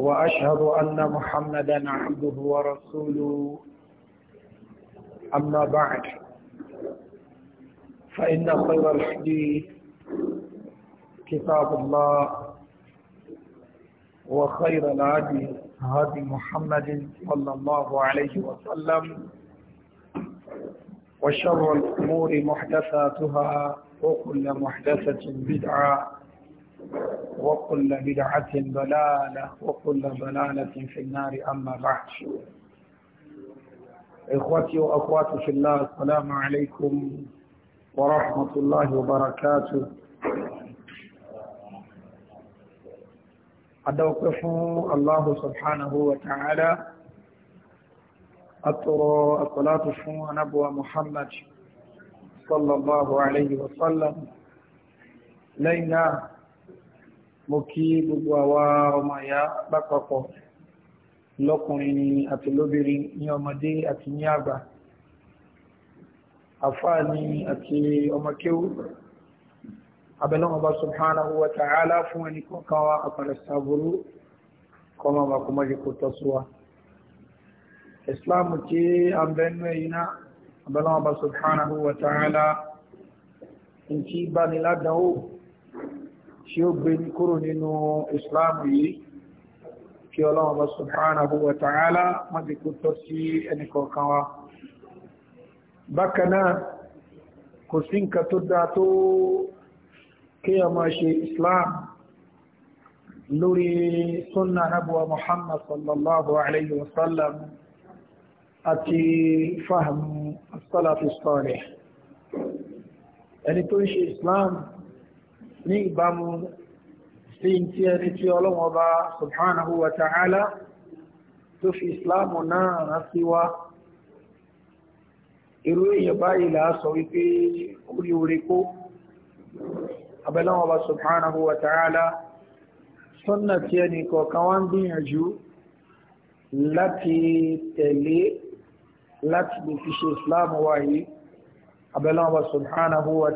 وأشهد أن محمدا عبده ورسوله أما بعد فإن خير الحديث كتاب الله وخير الهدي هدي محمد صلى الله عليه وسلم وشر الأمور محدثاتها وكل محدثة بدعة وكل بدعة ضلالة وكل ضلالة في النار أما بعد إخوتي وأخواتي في الله السلام عليكم ورحمة الله وبركاته أدوقف الله سبحانه وتعالى أطر الصلاة نبوة محمد صلى الله عليه وسلم لينا mo kí gbogbo àwa ọmọ ìyá lápapọ̀ lọ́kùnrin àti lóbìnrin ní ọmọdé àti ní àgbà àfáà àti ọmọ kéwú subhanahu wa ta'ala fún ẹni kọ̀ọ̀kan wa àpàdé sàbúrú kọ́mọ bá kọ́mọ jẹ́ kó tọ́sí wa ìsìláàmù tí a ń bẹ́nu ẹ̀yìn náà abẹ́lẹ́ subhanahu wa ta'ala ń kí bá ní ládàáwò tí ó gbé ní kúrò nínú islam yìí kí ọlọ́run bá subhanahu wa ta'ala má ti kó tọ́ sí ẹnì kọ̀ọ̀kan wa bákan náà kò sí nǹkan tó dáa tó kéèyàn máa ṣe islam lórí sunna nabuwa muhammad sallallahu alayhi wa sallam àti fahmu as-salaf ẹni tó ń ṣe islam ní ìbámu sí tí ẹni tí ọlọ́wọ́ bá subhanahu wa ta'ala tó fi islamu náà rán sí wa irú èèyàn báyìí là á sọ wípé orí orí kó abẹ́lọ́wọ́ bá subhanahu wa sọ́nà tí ẹni kọ̀ọ̀kan wá ń gbìyànjú láti tẹ̀lé láti lè fi ṣe islam wa yìí bá subhanahu wa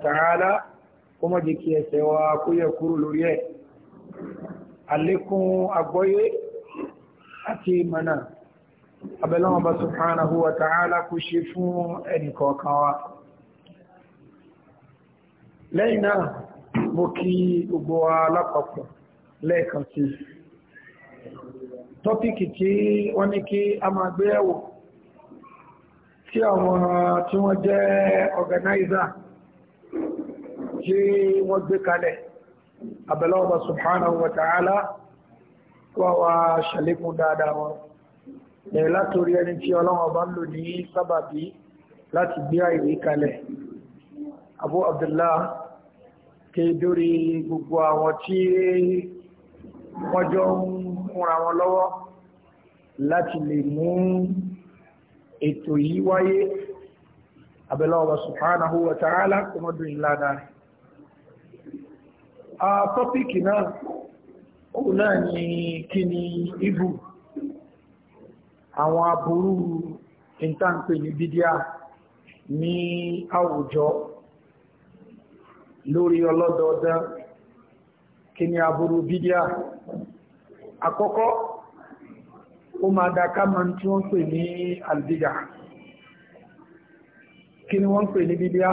kó má jẹ́ kí ẹsẹ̀ wa kó yẹ kúrò lórí ẹ̀ àlékún àgbọ́yé àti ìmọ̀nà abẹ́lọ́wọ́n bá subhanahu wa ta'ala kó ṣe fún ẹnìkọ̀ọ̀kan wa lẹ́yìn náà mo kí gbogbo wa lápapọ̀ lẹ́ẹ̀kan sí tọ́píkì tí wọ́n ní kí a máa gbé ẹ̀wò tí àwọn tí wọ́n jẹ́ organizer tí wọ́n gbé kalẹ̀ abẹ́lọ́wọ́ subhanahu wa ta'ala wà wá ṣàlékún dáadáa wọn ẹ̀ látorí ẹni tí ọlọ́wọ́ bá ń lò ní sábàbí láti gbé àìrí kalẹ̀ abu abdullah ké dórí gbogbo àwọn tí wọ́n jọ ń múra wọn lọ́wọ́ láti lè mú ètò yìí wáyé abẹ́lọ́wọ́ subhanahu wa ta'ala kọmọdún ìlànà rẹ̀ a tọ́píkì náà kò náà ní kí ni ibù àwọn aburú ìntànpè ní bídíà ní àwùjọ lórí ọlọ́dọọdá kí ni aburú bídíà àkọ́kọ́ ó máa dá kámọ́ tí wọ́n pè ní albídà kí ni wọ́n pè ní bídíà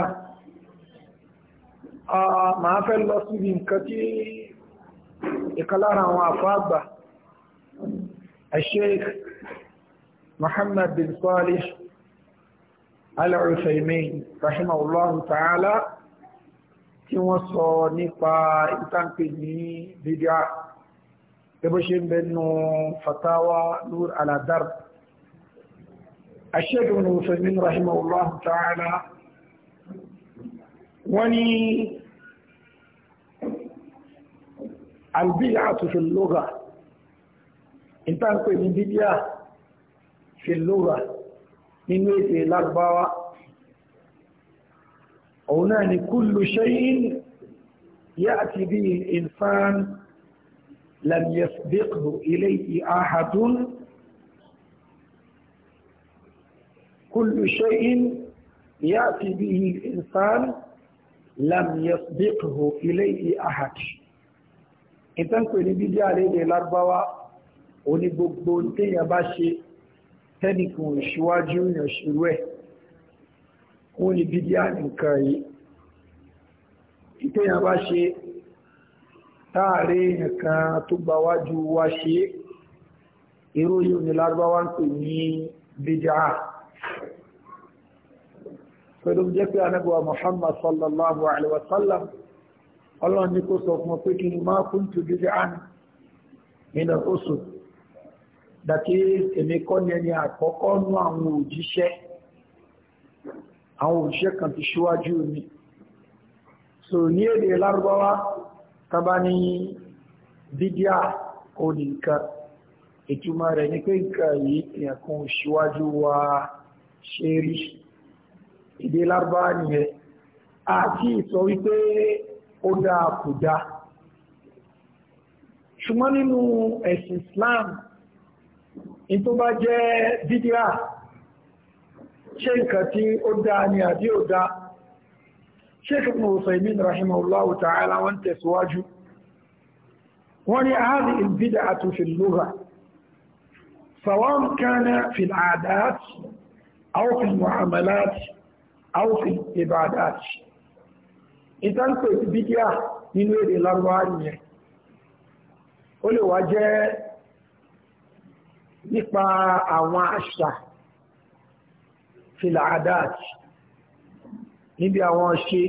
màá fẹ́ lọ síbi nǹkan tí ìkan lára àwọn àfáàgbà Sheikh Muhammad bin Salih Al-Uthaymeen rahimahullahu ta'ala tí wọ́n sọ nípa ìtànpè ní bídíà gẹ́gẹ́ ṣe ń bẹnu fatawa nur aladar Sheikh Ibn Uthaymeen rahimahullahu ta'ala wọ́n ni البيعة في اللغة انت نقول من بدعة في اللغة من ويت الأربعة هنا كل شيء يأتي به الإنسان لم يسبقه إليه أحد كل شيء يأتي به الإنسان لم يسبقه إليه أحد ìtànkù ní bídí àlédè lárúbáwá òní gbogbo téèyàn bá ṣe tẹ́nìkan ìṣíwájú èèyàn ṣerú ẹ̀ wọ́n ní bídí àníkan yìí ìtéèyàn bá ṣe táàrí èèyàn kan tó gba wájú wa ṣe irú yìí ní lárúbáwá ń pè ní bídí à pẹ̀lú jẹ́ pé anábọ̀ Muhammad sallallahu alaihi wa ọlọ́run ní kó sọ fún ọ pé kí ni máa kún tó dídí àná nínú oṣù dàtí èmi kọ́ ni ẹni àkọ́kọ́ nú àwọn òjíṣẹ́ àwọn òjíṣẹ́ kan ti ṣíwájú mi so ní èdè lárúbáwá tábà ní dídíà òní nǹkan ìtumọ̀ rẹ̀ ni pé nǹkan yìí èèyàn kan ò ṣíwájú wa ṣe rí èdè lárúbáwá nìyẹn àti ìsọ wípé ó dáa kò dáa ṣùgbọ́n nínú ẹ̀sìn Islam in tó bá jẹ́ bídíà ṣe nǹkan tí ó dáa ni àbí ò dáa Sheikh Ibn Uthaymeen rahimahullahu ta'ala wọ́n tẹ̀síwájú wọ́n ní ààrí al-bid'atu fil lugha سواء كان في العادات أو في المعاملات أو في العبادات ìtànkò ti bídíà nínú èdè lárúbáwá nìyẹn ó lè wá jẹ́ nípa àwọn àṣà filadáàtì níbi àwọn ṣe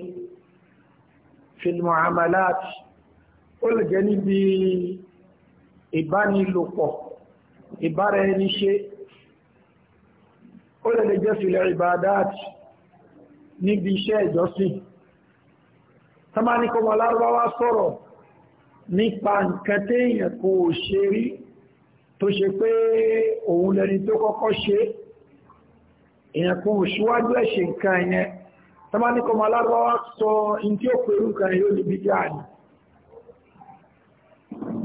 filmuamaláàtì ó lè jẹ́ níbi ìbánilòpọ̀ ìbára ẹni ṣe ó lè jẹ́ filẹ̀ ìbádáàtì níbi iṣẹ́ ìjọsìn tàbáníkọ wà lárúbáwá sọ̀rọ̀ nípa nǹkan téèyàn kò ṣe rí tó ṣe pé òun lẹni tó kọ́kọ́ ṣe èèyàn kan ò ṣíwájú ẹ̀ṣẹ̀ nǹkan yẹn tàbáníkọ wà lárúbáwá sọ in tí ó pẹ̀lú nǹkan yóò lè bí díà ní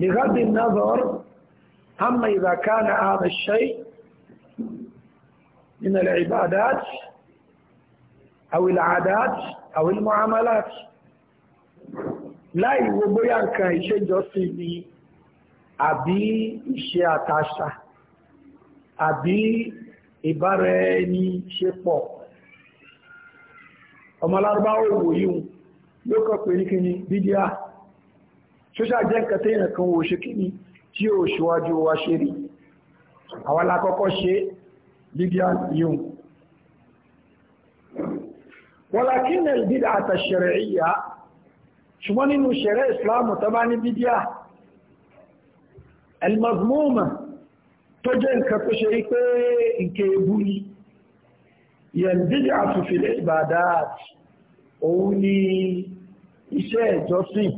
بغض النظر أما إذا كان هذا الشيء من العبادات أو العادات أو المعاملات láì wo bóyá nǹkan ìṣèjọsìn ni àbí ìṣe àtàṣà àbí ìbára ẹni ṣe pọ̀ ọmọ lárúbáwò wò yíò ló kọ́ pé ní bídíà ṣóṣà jẹ́ nǹkan tí èèyàn wò ṣe kí tí ó ṣíwájú wa ṣe rí àwọn alákọ́kọ́ ṣe bídíà yíò wọ́n lákínà ìdídà àtàṣẹ̀rẹ̀ ìyá ṣùgbọ́n nínú ṣẹ̀rẹ́ ìsìláàmù tó bá ní bídíà elmazmuma tó jẹ́ nǹkan tó ṣe pé nǹkan ebú ni yẹn bídíà fìfìlẹ̀ ìbàdáàt òun ni iṣẹ́ ìjọsìn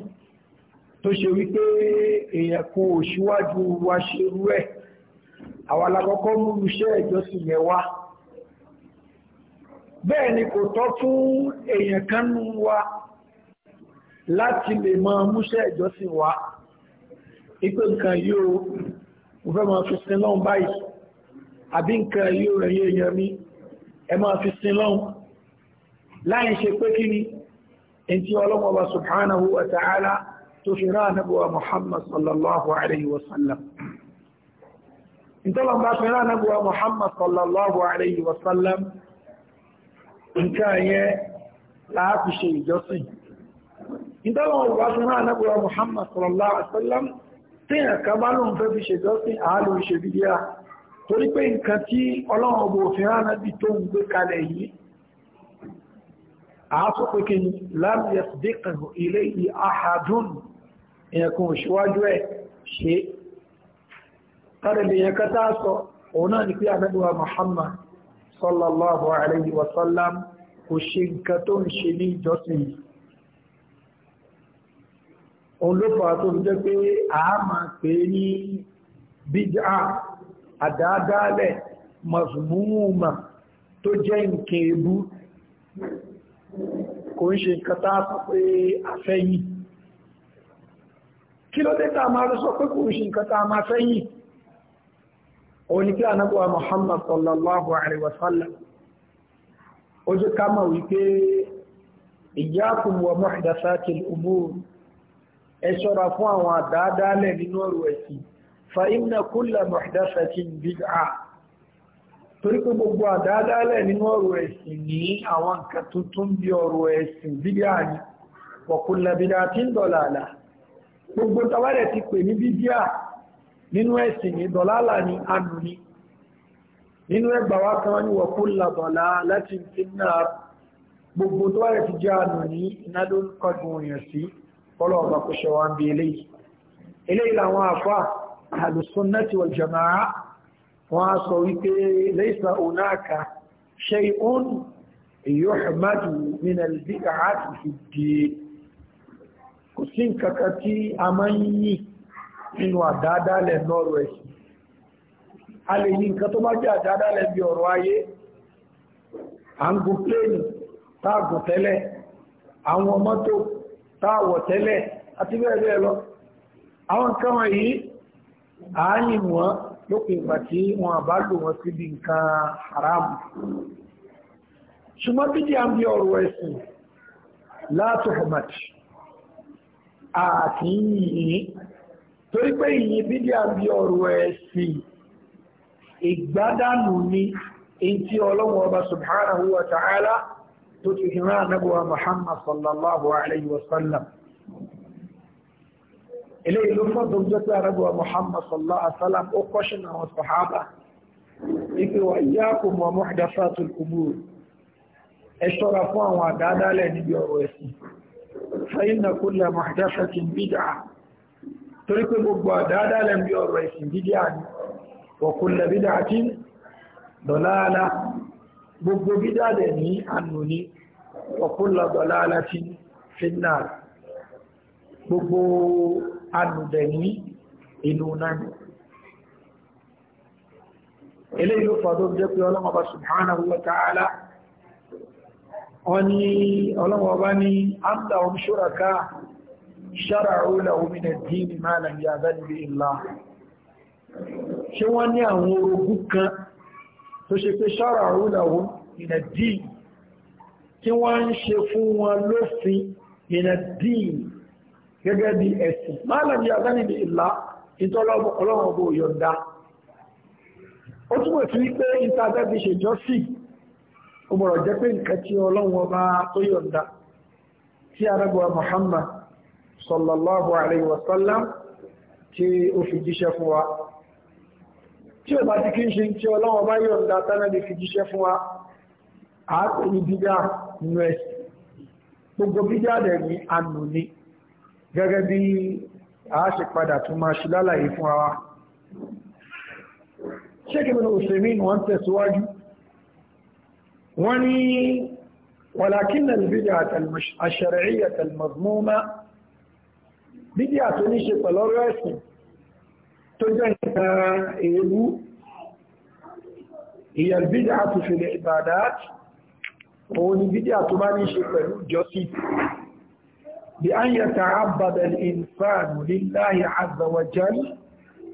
tó ṣe wípé èèyàn kò ṣíwájú wa ṣe rú ẹ̀ àwọn mú iṣẹ́ ìjọsìn yẹn wá bẹ́ẹ̀ ni kò tọ́ fún èèyàn kan nú wa láti lè mọ múṣẹ́ ìjọsìn wa ipé nǹkan yóò mo fẹ́ máa fi sin lọ́hùn báyìí àbí nǹkan yóò rẹ̀yìn èèyàn mi ẹ máa fi sin lọ́hùn láì ṣe pé kí ni ẹni tí ọlọ́mọ wa subhanahu wa ta'ala tó fi rán anábọ̀wá muhammad sallallahu alayhi wa ìtọ́lọ̀ bá fi rán anábọ̀wá muhammad sallallahu alayhi wa nǹkan yẹn láàfi ṣe ìjọsìn ìdáwọn ọ̀rọ̀ aṣọ́nà anábúra Muhammad sallallahu alaihi wasallam tí ẹ̀ka bá lóun fẹ́ fi ṣèjọ́sìn àálò ìṣèbíyà torí pé nǹkan tí ọlọ́run ọgbọ̀ òfin ránàbí tó ń gbé kalẹ̀ yìí àásọ pé kí ni lam yasdiqhu ilayhi ahadun ẹ̀kùn òṣìwájú ẹ̀ ṣe tàbílẹ̀ a sọ òun náà ni pé anábúra Muhammad sallallahu òun ló fà tó jẹ́ pé a máa pè é ní bídá àdáadáalẹ̀ mazmuma tó jẹ́ nǹkan ebú kò ń ṣe nǹkan ma pé afẹ́yìn kí ló dé máa sọ pé kò ń ṣe máa fẹ́yìn òun ni sallallahu ká wípé ẹ ṣọ́ra fún àwọn àdáadáalẹ̀ nínú ọ̀rọ̀ ẹ̀sìn fa inna kulla muhdathatin bid'a torí pé gbogbo àdáadáalẹ̀ nínú ọ̀rọ̀ ẹ̀sìn ní àwọn nǹkan tuntun bí ọ̀rọ̀ ẹ̀sìn bid'a ni wa kulla bid'atin dalala gbogbo tàwárẹ̀ ti pè ní bid'a nínú ẹ̀sìn ní dalala ni anù ni nínú ẹgbàwá kan ní wa kulla dalalatin finnar gbogbo tàwárẹ̀ ti jẹ́ anù ní iná ló ń kọjú òyìn sí kọ́lọ̀ ọba kó ṣe wá ń bí eléyìí eléyìí làwọn àfà àlùsùnnàtì wal jàmáà wọ́n á sọ wípé laysa hunaka shay'un yuhmadu min al-bid'ati fi ad-din kò sí nǹkan tí a máa ń yí nínú àdáadáalẹ̀ lọ́rọ̀ ẹ̀sìn a tó táàwọ̀ tẹ́lẹ̀ àti bẹ́ẹ̀ lọ àwọn nǹkan wọ̀nyí àáyìn wọn lópin ìgbà tí wọn àbá lò wọn síbi nǹkan haramu ṣùgbọ́n bídí à ń bí ọ̀rọ̀ ẹ̀sìn látò hamat àti yìnyín torí pé ìyìn bídí à ń bí ọ̀rọ̀ ẹ̀sìn ni èyí tí ọba subhanahu wa ta'ala tó ti fi rán anábọ̀wà Muhammad sallallahu alayhi wa sallam ilé ìlú fọ́dún jẹ́ pé anábọ̀wà Muhammad sallallahu alayhi wa sallam ó kọ́ṣin àwọn sàhábà ipe wa iyyakum wa muhdathatul umur ẹ ṣọ́ra fún àwọn àdádálẹ̀ níbi ọ̀rọ̀ ẹ̀sìn fa inna kulla muhdathatin bid'ah torí pé gbogbo àdádálẹ̀ níbi ọ̀rọ̀ ẹ̀sìn bídíà ni wa kulla bid'atin dalalah gbogbo dídádẹ̀ ní ànù ní ọ̀pọ̀lọ̀dọ̀lá aláti fínà gbogbo ànùdẹ̀ ní inú náà ilé ìlú fàdó jẹ́ pé ọlọ́mọba subhanahu wa ta'ala ọni ọlọ́mọba ní àmdà ohun ṣúraka ṣáràrú làwọmìnà dínì máa nà ṣe wọ́n ní àwọn orogún kan tó ṣe pé ṣára àrúnàwó ìnà díì tí wọ́n ń ṣe fún wọn lófin ìnà díì gẹ́gẹ́ bí ẹ̀sìn máa làbí àdánìbí ìlà ìtọ́lọ́wọ́n bó yọ̀ǹda ó túnmọ̀ sí wípé ìtàdẹ́bí ṣèjọ́sì ó bọ̀rọ̀ jẹ́ pé nǹkan tí ọlọ́wọ́n bá tó yọ̀ǹda tí arábọ̀ Muhammad sallallahu alaihi tí ó fi jíṣẹ́ fún wa tí ó bá ti kí ń ṣe tí ọlọ́wọ́ bá yọ̀ ǹda tánàbí fi jíṣẹ́ fún wa àápè ní bídá nínú ẹ̀sìn gbogbo bídá dẹ̀ ní ànú ni gẹ́gẹ́ bí a ṣe padà tún máa ṣe lálàyé fún wa ṣéèkì mi ní òṣèmí ni wọ́n tẹ̀síwájú wọ́n ní ولكن البدعة الشرعية المضمومة بدعة نشي طلور اسم tó jẹ́ nǹkan èébú ìyàlbídà àtúfèlè ìbàdàt òun ni bídà tó bá ní ṣe pẹ̀lú jọ́sí bí an yà tààbàdà ìfàànù líláyà àzàwàjál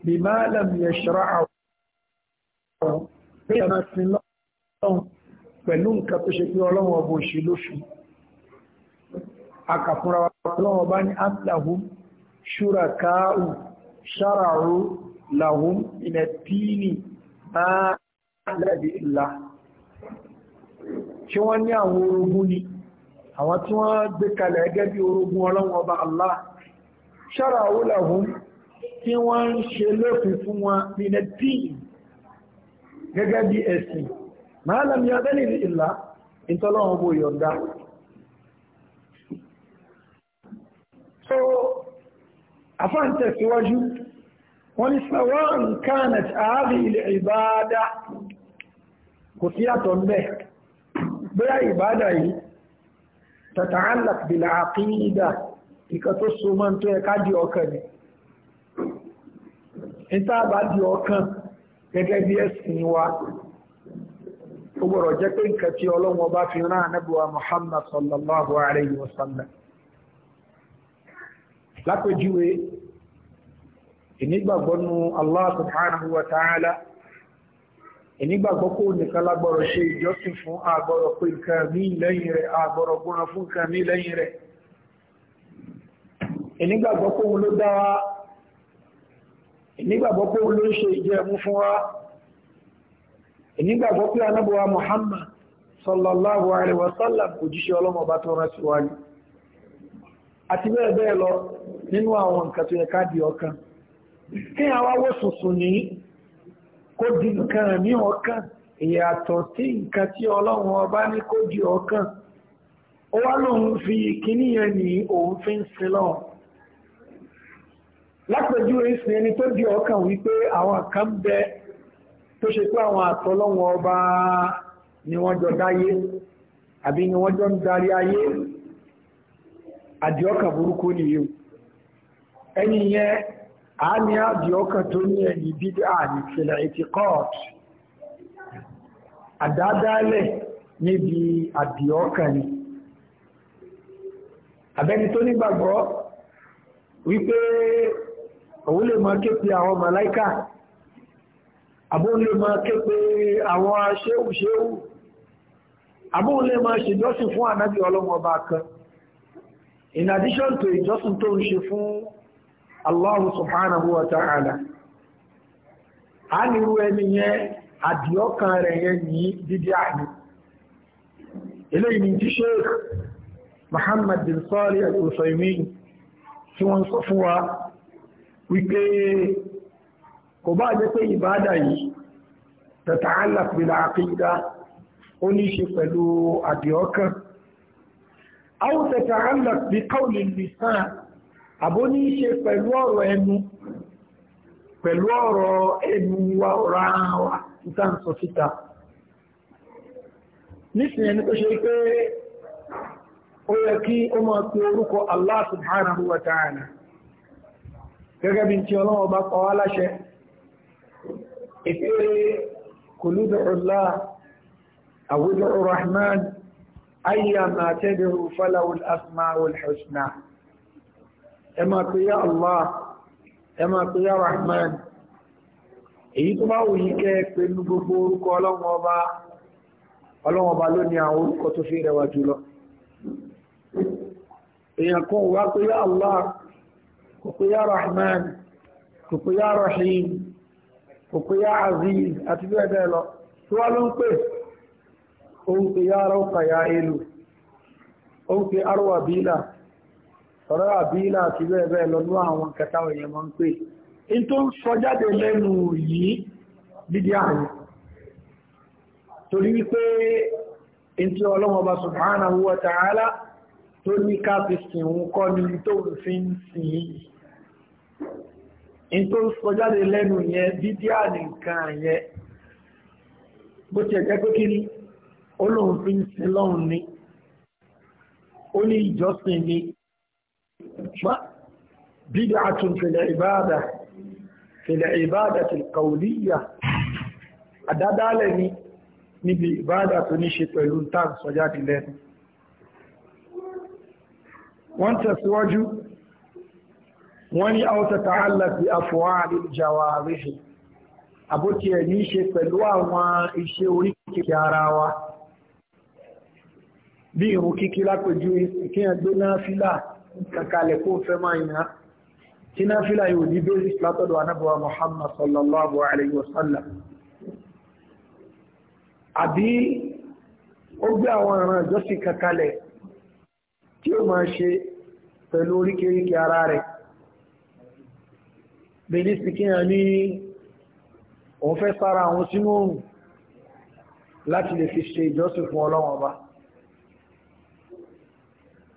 bí máa lam yà ṣara àwọn pẹ̀lú nǹkan tó ṣe ṣáraru lahum ilẹ̀ tíìnì máa lẹ́bi ìlà tí wọ́n ní àwọn orogún ni àwọn tí wọ́n gbé kalẹ̀ gẹ́gẹ́ bí orogún ọlọ́wọ́ ọba Allah ṣáraru lahum tí wọ́n ń ṣe lófin fún wọn ilẹ̀ tíìnì gẹ́gẹ́ bí ẹ̀sìn máa lẹ́mi abẹ́lẹ̀ ìtọ́lọ́wọ́ so afáà ń tẹ̀síwájú wọ́n ní sawa'an kanat hadhihi al-ibada kò sí àtọ̀ mẹ́ bóyá ìbádà yìí tata'allaq bil-aqida ìkà tó so mọ́ tó ẹ̀ká di ọkàn ni ìtàbà di ọkàn gẹ́gẹ́ bí ẹ̀sìn wa ó gbọ́dọ̀ jẹ́ pé nǹkan tí Ọlọ́hun bá fi rán ànábì lápèjúwe ìnígbàgbọ́ nu Allah subhanahu wa ta'ala ìnígbàgbọ́ kó nìkan lágbọ́rọ̀ ṣe ìjọsìn fún àgbọ́rọ̀ pé nǹkan mí lẹ́yìn rẹ̀ àgbọ́rọ̀ gbọ́nà fún nǹkan mí lẹ́yìn rẹ̀ ìnígbàgbọ́ kó wọn ló dá wa ìnígbàgbọ́ pé olú ń ṣe ìjẹ́ mú fún wa ìnígbàgbọ́ pé anábọ̀wá Muhammad sallallahu alaihi wasallam òjíṣẹ́ ọlọ́mọba tó rán sí wa àti bẹ́ẹ̀ bẹ́ẹ̀ lọ nínú àwọn nǹkan tó yẹ ká di ọkàn kí àwa wò sùnsùn ní kó di nǹkan ní ọkàn ìyàtọ̀ sí nǹkan tí ọlọ́run ọba ní kó di ọkàn ó wá lóun fi kíní yẹn ní òun fi ń sin lọ́wọ́ lápẹjú ìsìn ẹni tó di ọkàn wípé àwọn kan bẹ tó ṣe pé àwọn àtọlọ́wọ́ ọba ni wọ́n jọ dáyé àbí ni wọ́n jọ ń darí ayé àdìọ́kà burúkú ni yíò ẹni yẹn a ní àdìọ́kà tó ní ẹni bídí àní fìlà ètì kọ́ọ̀tù àdádálẹ̀ níbi àdìọ́kà ni abẹ́ni tó nígbàgbọ́ wípé òun lè máa ké pe àwọn màláíkà àbóhun lè máa ké pe àwọn ṣéhùṣéhù àbóhun lè máa ṣèjọ́sìn fún ànábì ọlọ́mọba kan in addition to ìjọsìn tó ń ṣe fún Allah subhanahu wa ta'ala a nírú ẹni yẹn àdìọ́kan rẹ̀ yẹn ní dídí àní eléyìí ni tí sheikh Muhammad bin Salih al-Uthaymeen tí wọ́n sọ fún wa wípé kò bá jẹ́ pé ìbádà yìí tàtàálà pẹ̀lú àkídá ó ní ṣe pẹ̀lú àdìọ́kan أو تتعلق بقول اللسان àbóní ṣe pẹ̀lú ọ̀rọ̀ ẹnu pẹ̀lú ọ̀rọ̀ ẹnu wa ọ̀rọ̀ ara wa níta ń sọ síta nísìnyẹ ni tó ṣe pé ó yẹ kí ó máa pe orúkọ Allah subhanahu wa ta'ala rahman ayyama tad'u falahu al-asma'ul husna ẹ máa ya Allah ẹ ya Rahman Eyi tó bá wùyí kẹ́ pẹ̀lú gbogbo orúkọ ọlọ́run ọba fi Allah Rahman Rahim Aziz òun ti yá ráùkà ya èlò òun ti arwa bílà ọ̀rọ̀ àbílà àti bẹ́ẹ̀ bẹ́ẹ̀ lọ́nú àwọn kẹta èèyàn máa ń pè in tó ń sọ jáde lẹ́nu yìí dídí àyè torí wípé in tí ọlọ́mọba subhanahu wa ta'ala tó ní ká fi sìn òun kọ́ ni tó ń fi ń sìn yìí in tó ń sọ jáde lẹ́nu yẹn dídí àyè nǹkan yẹn bó ti ẹ̀jẹ̀ pé kí ni ó lóun fi ń sin lọ́hùn ni ó ní ìjọsìn ni bid'atun fil ìbáàdà fil ìbáàdà til qawliyya àdádálẹ̀ ni níbi ìbáàdà tó ní ṣe pẹ̀lú tàn sọjáde lẹ́nu wọ́n tẹ̀síwájú wọ́n ní àwọ́ta tààlà fi àfọwárí bí irun kíkí lápẹjú ìkíyàn gbé náfílà kàkàlẹ̀ kó fẹ́ máa yìnà tí náfílà yóò ní bẹ́sìs látọ̀dọ̀ anábọ̀wà Muhammad sallallahu alayhi wa sallam àbí ó gbé àwọn ọ̀ràn ìjọsìn kàkàlẹ̀ tí ó máa ṣe pẹ̀lú oríkèríkè ara rẹ̀ bẹ̀rẹ̀ sí kíyàn ní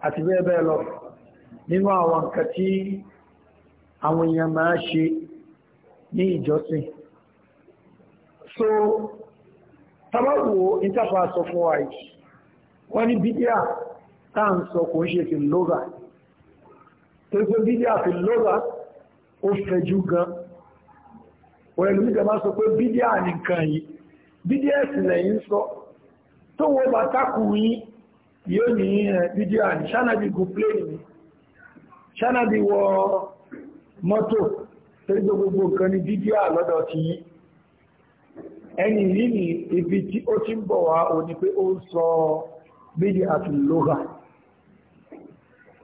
àti bẹ́ẹ̀ bẹ́ẹ̀ lọ nínú àwọn nǹkan tí àwọn èèyàn máa ṣe ní ìjọsìn so tabawo ìtàfà sọ fún wa yìí wọ́n ní bídíà táà ń sọ kò ń ṣe fil lugha tó gbé bídíà fil lugha ó fẹ̀jú gan òrẹ̀lú ìjọ máa sọ pé bídíà nìkan yìí bídíà ẹ̀sìn lẹ́yìn sọ tó wọ́n bá tákù yìí yóò ní fídíò eh, àní ṣánàbí gùn pléènì ni ṣánàbí wọ mọ́tò torí gbogbo nǹkan ní fídíò àlọ́dọ̀ ti yí ẹni yìí ni ibi tí ó ti ń bọ̀ wá o ní pé ó ń sọ bídí àti lóga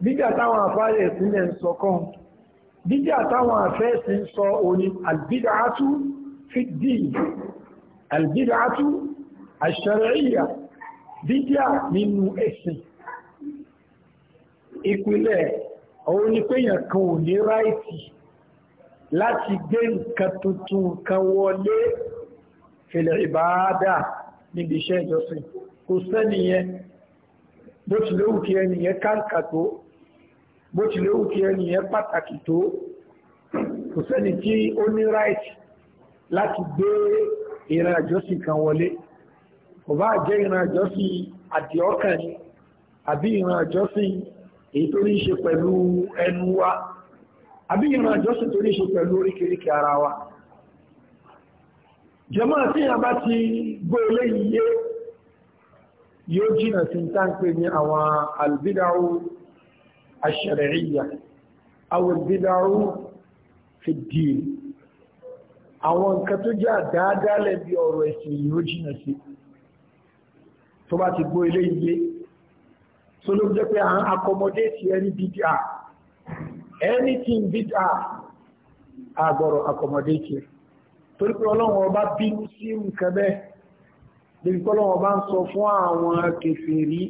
bídí àtàwọn àfáyẹ̀ sílẹ̀ ń sọ kan bídí àtàwọn àfẹ́ẹ̀sì ń sọ òní albídàátú fídí albídàátú àṣẹrẹ̀íyà bídíà nínú ẹ̀sìn ìpìlẹ̀ òun ni péyàn kan ò ní ráìtì láti gbé nǹkan tuntun kan wọlé fèlè ìbáadà níbi iṣẹ́ ìjọsìn kò sẹ́niyẹn bó ti léwu kí ẹniyẹn káǹkà tó bó ti léwu kí ẹniyẹn pàtàkì tó kò sẹ́ni tí ó ní ráìtì láti gbé ìrìn àjọsìn kan wọlé. kò bá jẹ́ ìran àjọsìn àdìọ́kàn ni àbí ìran àjọsìn èyí tó ní ṣe pẹ̀lú ẹnu wa àbí ìran àjọsìn tó ní ṣe pẹ̀lú oríkèríkè ara wa jẹmọ́ ti gbọ́ eléyìí yóò jìnà sí ń táǹpé ní àwọn albidáwó aṣẹ̀rẹ̀ríyà àwọn albidáwó fìdí àwọn nǹkan tó jẹ́ àdáadáa lẹ́bi ọ̀rọ̀ ẹ̀sìn yóò jìnà sí tó bá ti gbọ́ ilé iye so ló jẹ́ pé à accommodate ẹni bídà anything bídà àgbọ̀rọ̀ accommodate torí pé ọlọ́run ọba bínú sí nǹkan bẹ́ẹ̀ débi pé ọlọ́run ọba ń sọ fún àwọn kèfèrí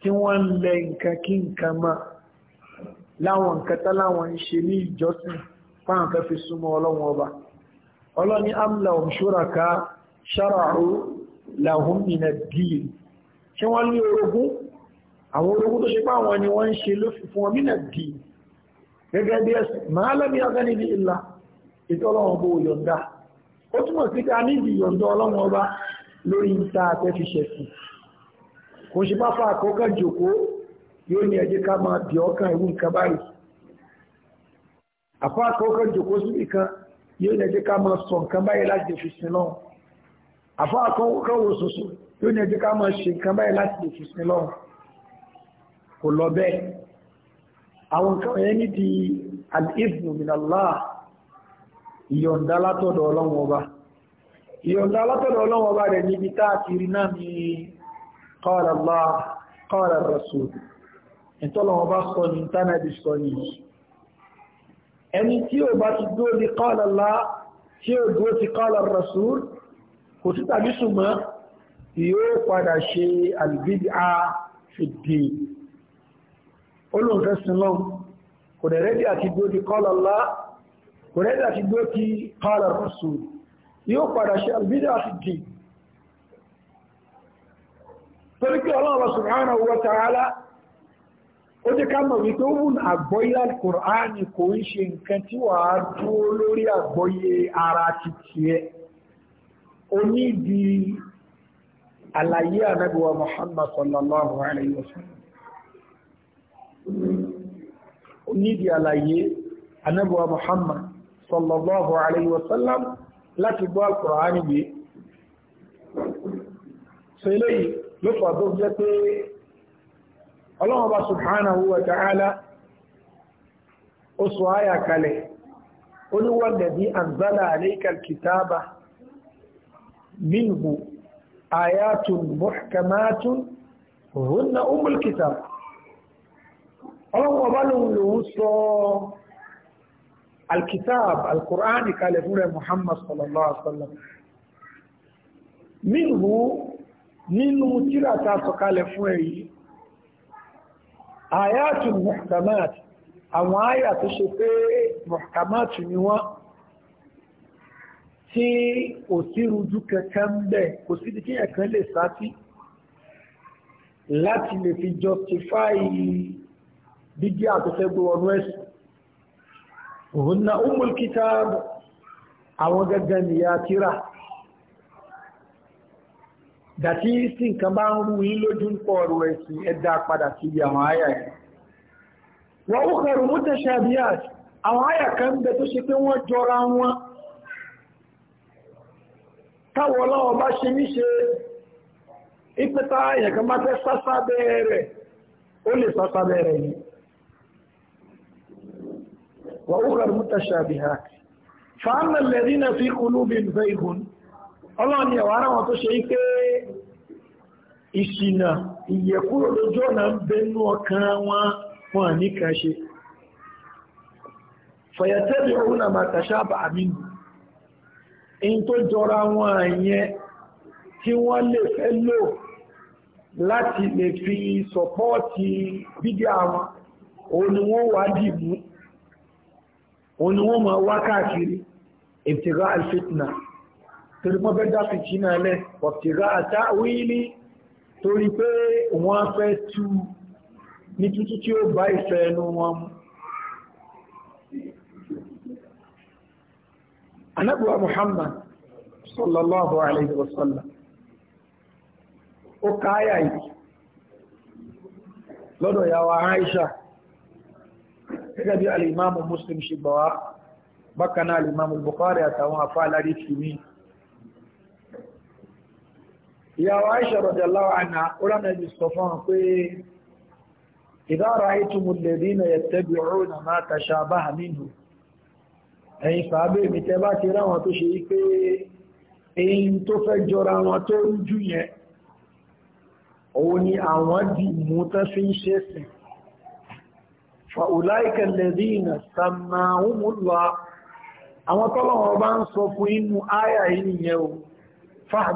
tí wọ́n ń lẹ nǹkan kí nǹkan mọ́ láwọn nǹkan tá láwọn ń ní ìjọsìn fáwọn fẹ́ fi súnmọ́ ọlọ́run ọba ọlọ́ni amla òṣùràká ṣàràrú làhùn ìnà díìlì ṣé wọ́n lé orogún àwọn orogún tó ṣe pá àwọn ni wọ́n ń ṣe ló fi fún wọn mínà dì gẹ́gẹ́ bí ẹ̀sìn máa lẹ́bí ọgá níbi ìlà ètò ọlọ́run bó yọ̀ǹda ó túmọ̀ sí ká níbi yọ̀ǹda ọlọ́run ọba lórí ìta àtẹ́ fi ṣẹ̀sìn kò ṣe yóò ní ẹjẹ́ ká máa sọ nǹkan báyìí láti fi sin àfọ́ àkọ́wò soso yóò ní ẹjọ́ ká máa ṣe nǹkan báyìí láti lè fi sin lọ́wọ́ kò lọ bẹ́ẹ̀ àwọn nǹkan yẹn ní di al-ibnu ìyọ̀ǹda látọ̀dọ̀ ọlọ́wọ́ ọba ìyọ̀ǹda látọ̀dọ̀ ọlọ́wọ́ ọba rẹ̀ níbi tá ti rí náà ní qala Allah qala rasul ìtọ́lọ̀wọ́ bá sọ ní ìntánẹ́bì sọ ní ẹni tí ó bá ti dúó di qala Allah tí ó dúó ti qala rasul kò sí tàbí súnmọ́ yóò padà ṣe albid'a fìdí olóǹfẹ́ sinlọ́n kò dẹ̀ rẹ́dí àti gbó ti qala Allah kò rẹ́dí àti gbó ti qala Rasul yóò padà ṣe albid'a fìdí torí pé Allah subhanahu wa ta'ala ó jẹ́ ká mọ̀ wípé onídi àlàyé ànábíwá Muhammad sallallahu alayhi wa sallam onídi àlàyé ànábíwá Muhammad sallallahu alayhi wa sallam láti gbọ́ al-Qur'ani gbé so eléyìí ló fà tó jẹ́ pé ọlọ́wọ́ bá subhanahu wa ta'ala ó sọ kalẹ̀ oníwọ̀n dàbí anzala alayka kitaba منه آيات محكمات هن أم الكتاب ọlọ́wọ́ bá lóun lòun sọ alkitab alkur'ani kalẹ̀ fún rẹ̀ muhammad sallallahu alaihi wasallam minhu nínú tírà ta sọ kalẹ̀ fún ẹ̀ yìí ayatul muhkamat àwọn àyà ṣe pé muhkamat ni wọ́n tí kò sí rújú kankan bẹ̀ kò sí di kíyàn kan lè sátí láti lè fi justify dídí àtúnṣẹ́gbé ọdún ẹ̀sìn òun na umul kitab àwọn gangan nìyà tíra dàtí sí nǹkan bá ń rú yín lójú ń pọ̀ ọ̀rọ̀ ẹ̀sìn ẹ̀dá padà sí ibi àwọn àyà ẹ̀ wọ́n ó kẹrù mú tẹ̀ṣẹ̀ àbíyà àwọn àyà kan bẹ tó ṣe pé wọ́n jọra wọn káwọ ọlọ́wọ́ bá ṣe níṣe ìpẹta ẹ̀kan bá fẹ́ sásá bẹ́ẹ̀rẹ̀ ó lè sásá bẹ́ẹ̀rẹ̀ yìí wà ó rẹ̀ mutashabiha fa'amma na fi qulubihim zayghun ọlọ́ni ẹ̀wàrá wọn tó ṣe ike ìṣìnà ìyẹ̀kúrò lójú ọ̀nà ń bẹnu ọkàn wọn wọn nìkan ṣe fayatabi'una ma tashabaha in tó jọra wọn àyẹn tí wọ́n lè fẹ́ lò láti lè fi sọ̀pọ́ọ̀tì bídíà wọn òun ni dìbò òun máa wá káàkiri alfitna torí wọ́n fẹ́ dá fìtínà lẹ̀ ọ̀btìgá àtàwílì torí pé wọ́n fẹ́ tú ní tútú tí ó bá ìfẹ́ ẹnu wọn mú anábùwà muhammad sallallahu alayhi wa sallam ó káyà yìí lọ́dọ̀ yàwó aisha gẹ́gẹ́ bí alìmáàmù muslim ṣe gbà wá bákan náà alìmáàmù bukhari àtàwọn afáàlárí tìmí ìyàwó aisha radiyallahu anha orámẹ́bí sọ fún wọn pé idha ra'aytumul ladhina yattabi'una ma tashabaha minhu ẹ̀yin sàábé mi tẹ bá ti ráwọn tó ṣe wípé èyí tó fẹ́ jọra wọn tó ń jù yẹn òun ni àwọn dì mú tán fi ń ṣe sìn fàúláìkà lẹ́dínà sàmàhùnmùlá àwọn wọn bá ń sọ fún inú àyà yìí yẹn ohun wọn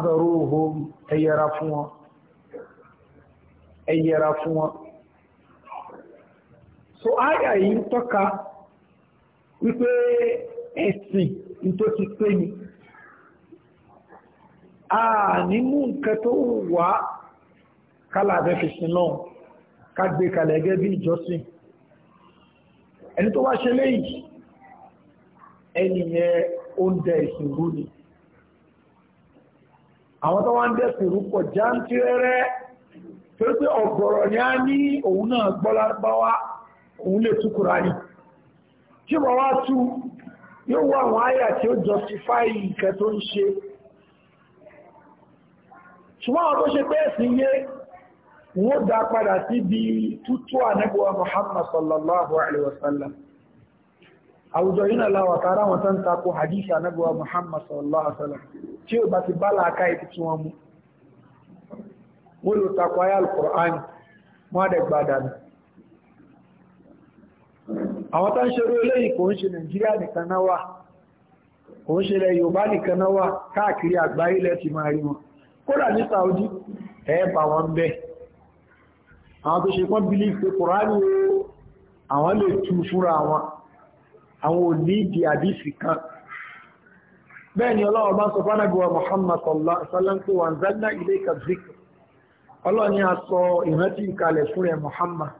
wọn so àyà yìí wípé ẹ̀sìn tó ti pé ni a nínú nǹkan tó wà kálàbẹ́ fi náà ká kalẹ̀ gẹ́gẹ́ bí ìjọsìn ẹni tó wá ṣe léyìí ẹni yẹn ó ni àwọn tó wá ń dẹ̀sìn pé ọ̀gọ̀rọ̀ ni a ní òun náà gbọ́ òun lè tí wọ́n wá tú yóò wọ àwọn àyà tí ó justify nǹkan tó ń ṣe ṣùgbọ́n àwọn tó ṣe pé ẹ̀sìn yé wọ́n dá padà sí bí tútù ànẹ́gbọ́wà Muhammad sallallahu alaihi wasallam àwùjọ yìí náà láwà tààrà wọn tán takò hadith ànẹ́gbọ́wà Muhammad sallallahu alaihi wasallam tí ó bá ti bá láàká ìtì tí wọ́n mú wọ́n àwọn tán ṣerú eléyìí kò ń ṣe nàìjíríà nìkan náà wà kò ń ṣẹlẹ̀ yorùbá nìkan náà wà káàkiri àgbáyé lẹ́ ti máa rí wọn kódà ní saudi ẹ̀ẹ́bà wọn bẹ́ àwọn tó ṣe kán bílí pé kùránì àwọn lè tú fúnra wọn àwọn ò ní ìdí àdísì kan bẹ́ẹ̀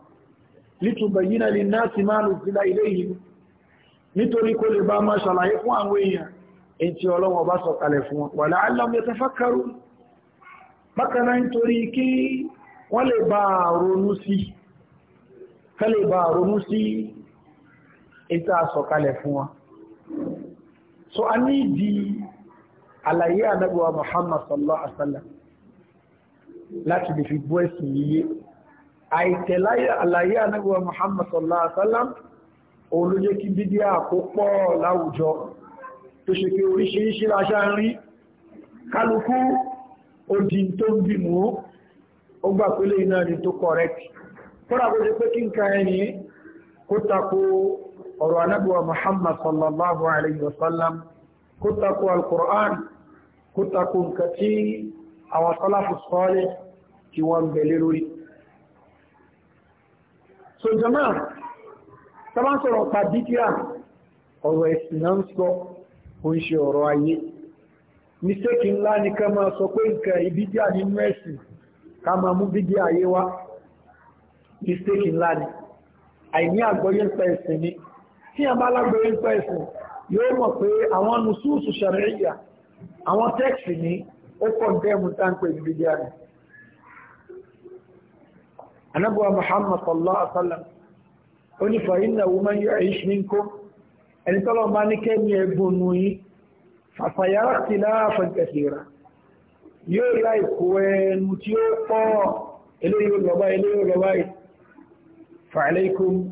lítùbẹ̀yìn lè náà ti máa lù sílá ilé yìí nítorí kó lè bá máa ṣàlàyé fún àwọn èèyàn èyí tí ọlọ́wọ́ bá sọ kalẹ̀ fún wọn wàlá aláwọ̀ yẹta fákàrù bákanáà nítorí kí wọ́n lè bá ronú sí ká lè so a di, ìdí àlàyé wa Muhammad sallallahu alaihi wasallam láti lè fi gbọ́ ẹ̀sìn yíyé àìtẹ̀láyé àlàyé anábíwá Muhammad sallallahu alaihi wasallam òun ló jẹ́ kí bídíà kó pọ̀ láwùjọ tó ṣe pé oríṣiríṣi aṣá ń rí kálukú odin tó ń bì mú ó gbà pé lẹ́yìn náà ni tó correct kódà kó ṣe pé kí nǹkan ẹni kó tako ọ̀rọ̀ anábíwá Muhammad sallallahu alaihi wasallam kó tako al kó tako nǹkan àwọn sọ́láfù sọ́ọ́lẹ̀ tí wọ́n ń bẹ̀lẹ̀ lórí so jama sábà sọ̀rọ̀ pa bíkíà ọ̀rọ̀ ẹ̀sìn náà ń sọ ó ṣe ọ̀rọ̀ ayé mistake ńlá ni ká máa sọ pé nǹkan ìbídíà nínú ẹ̀sìn ká máa mú bídíà ayé wá mistake ńlá ni àìní àgbọ́yé ń pa ẹ̀sìn ni tí a bá lágbọ́yé ń pa ẹ̀sìn yóò mọ̀ pé àwọn nùsùsù ṣàríyà àwọn tẹ́ẹ̀sì ni ó pọ̀ ń dẹ́mu táǹpẹ̀ ìbídíà ni. ابو محمد صلى الله عليه وسلم قل فان ومن يعيش منكم أن ترى تلو ما نكن يبنوه فسيرى اختلافا كثيرا يو لايك وين متيو قو إليه الربا إليه فعليكم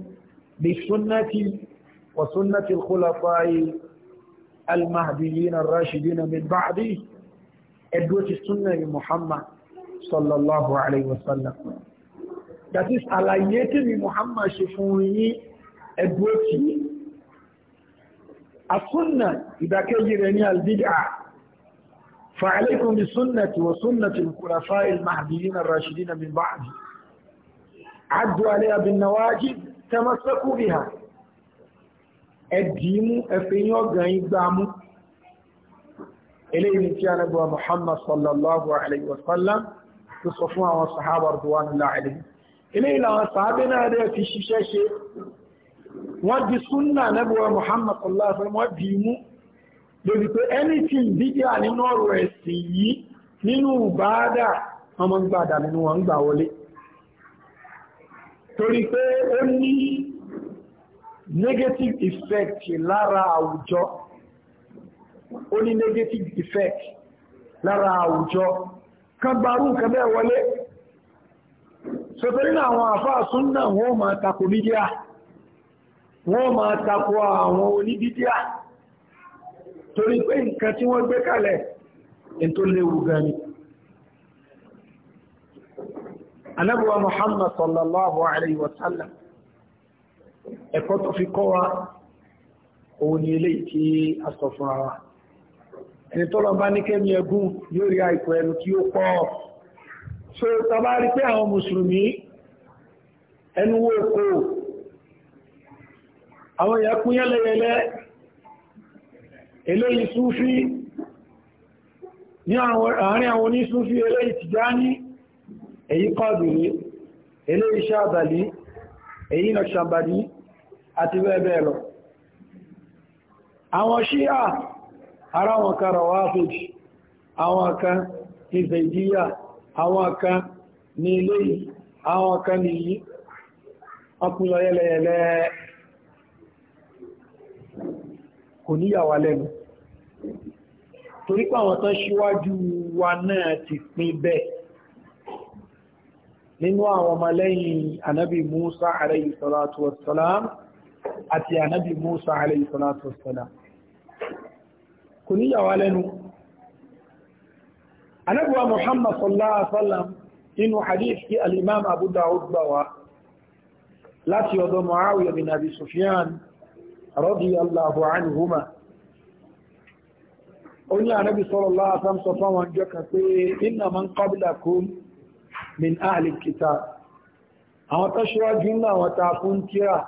بسنة وسنة الخلفاء المهديين الراشدين من بعدي ادوة السنة لمحمد صلى الله عليه وسلم that is àlàyé tí mi Muhammad ṣe fún yín ẹgbẹ́ tí asúnnà ìdákẹ́jì rẹ̀ ní albid'a fa'alaikum bi sunnati wa sunnati al-khulafa al-mahdiyyin ar-rashidin min ba'di addu 'alayha bin nawajid tamassaku biha ẹ̀dìmú ẹ̀fẹ̀yìn ọ̀gàn igbámú eléyìí tí a nẹ́gbọ́ Muhammad sallallahu alaihi wasallam tó sọ fún àwọn sahaba rẹ̀ wà nílá ilé ìlànà sàábé náà rẹ̀ fi ṣiṣẹ́ ṣe wọ́n di súnnà nẹ́bùwà Muhammad sallallahu alaihi wasallam wọ́n di mú lórí pé anything dídíà nínú ọ̀rọ̀ ẹ̀sìn yìí nínú ìbáadà ọmọ ń gbàdà nínú wọn ń gbà wọlé torí pé ó ní negative effect lára àwùjọ ó ní negative effect lára àwùjọ kan gbarú nǹkan bẹ́ẹ̀ wọlé sọ̀tẹ́rí náà àwọn àfáà súnnà wọ́n máa takò mídíà wọ́n máa takò àwọn onídídíà torí pé nǹkan tí wọ́n gbé kalẹ̀ in tó léwu gani anábíwa Muhammad sallallahu alayhi wa sallam ẹ̀kọ́ tó fi kọ́ wa òun ni ilé tí a sọ fún ara ẹni tó lọ bá ní kẹ́mi ẹgún yóò rí àìkò ẹnu tí ó pọ̀ ọ́ so tọba rí Muslimi àwọn mùsùlùmí ẹnu wo èkó àwọn èèyàn kún yẹ́lẹ́yẹlẹ́ eléyìí súfí ní àárín àwọn onísúfí eléyìí Tìjání èyí Kọ́dìrí eléyìí Ṣàbàlí èyí Nàkṣàbàlí àti bẹ́ẹ̀ bẹ́ẹ̀ lọ àwọn Ṣíà ara wọn kan Rawafid kan ní Zaidiyya àwọn kan ní ilé yìí àwọn kan ní yìí ọkùnlọ yẹlẹyẹlẹ kò níyàwó lẹ́nu torí àwọn tán ṣíwájú wa náà ti pín bẹ́ẹ̀ nínú àwọn ọmọlẹ́yìn anábì Musa alayhi salatu wassalam àti anábì Musa alayhi salatu wassalam kò níyàwó lẹ́nu anábíwá muhammad sallallahu alaihi wasallam inú hadith kí al-imam abu dawud gbà wá láti ọ̀dọ̀ muawiya bin abi sufyan radiyallahu anhuma oní ànábì sallallahu alaihi wasallam sọ fáwọn ọjọ́ kan pé inna man qablakum min ahli kitab àwọn tó ṣíwájú náà wọ́n ta fún tíra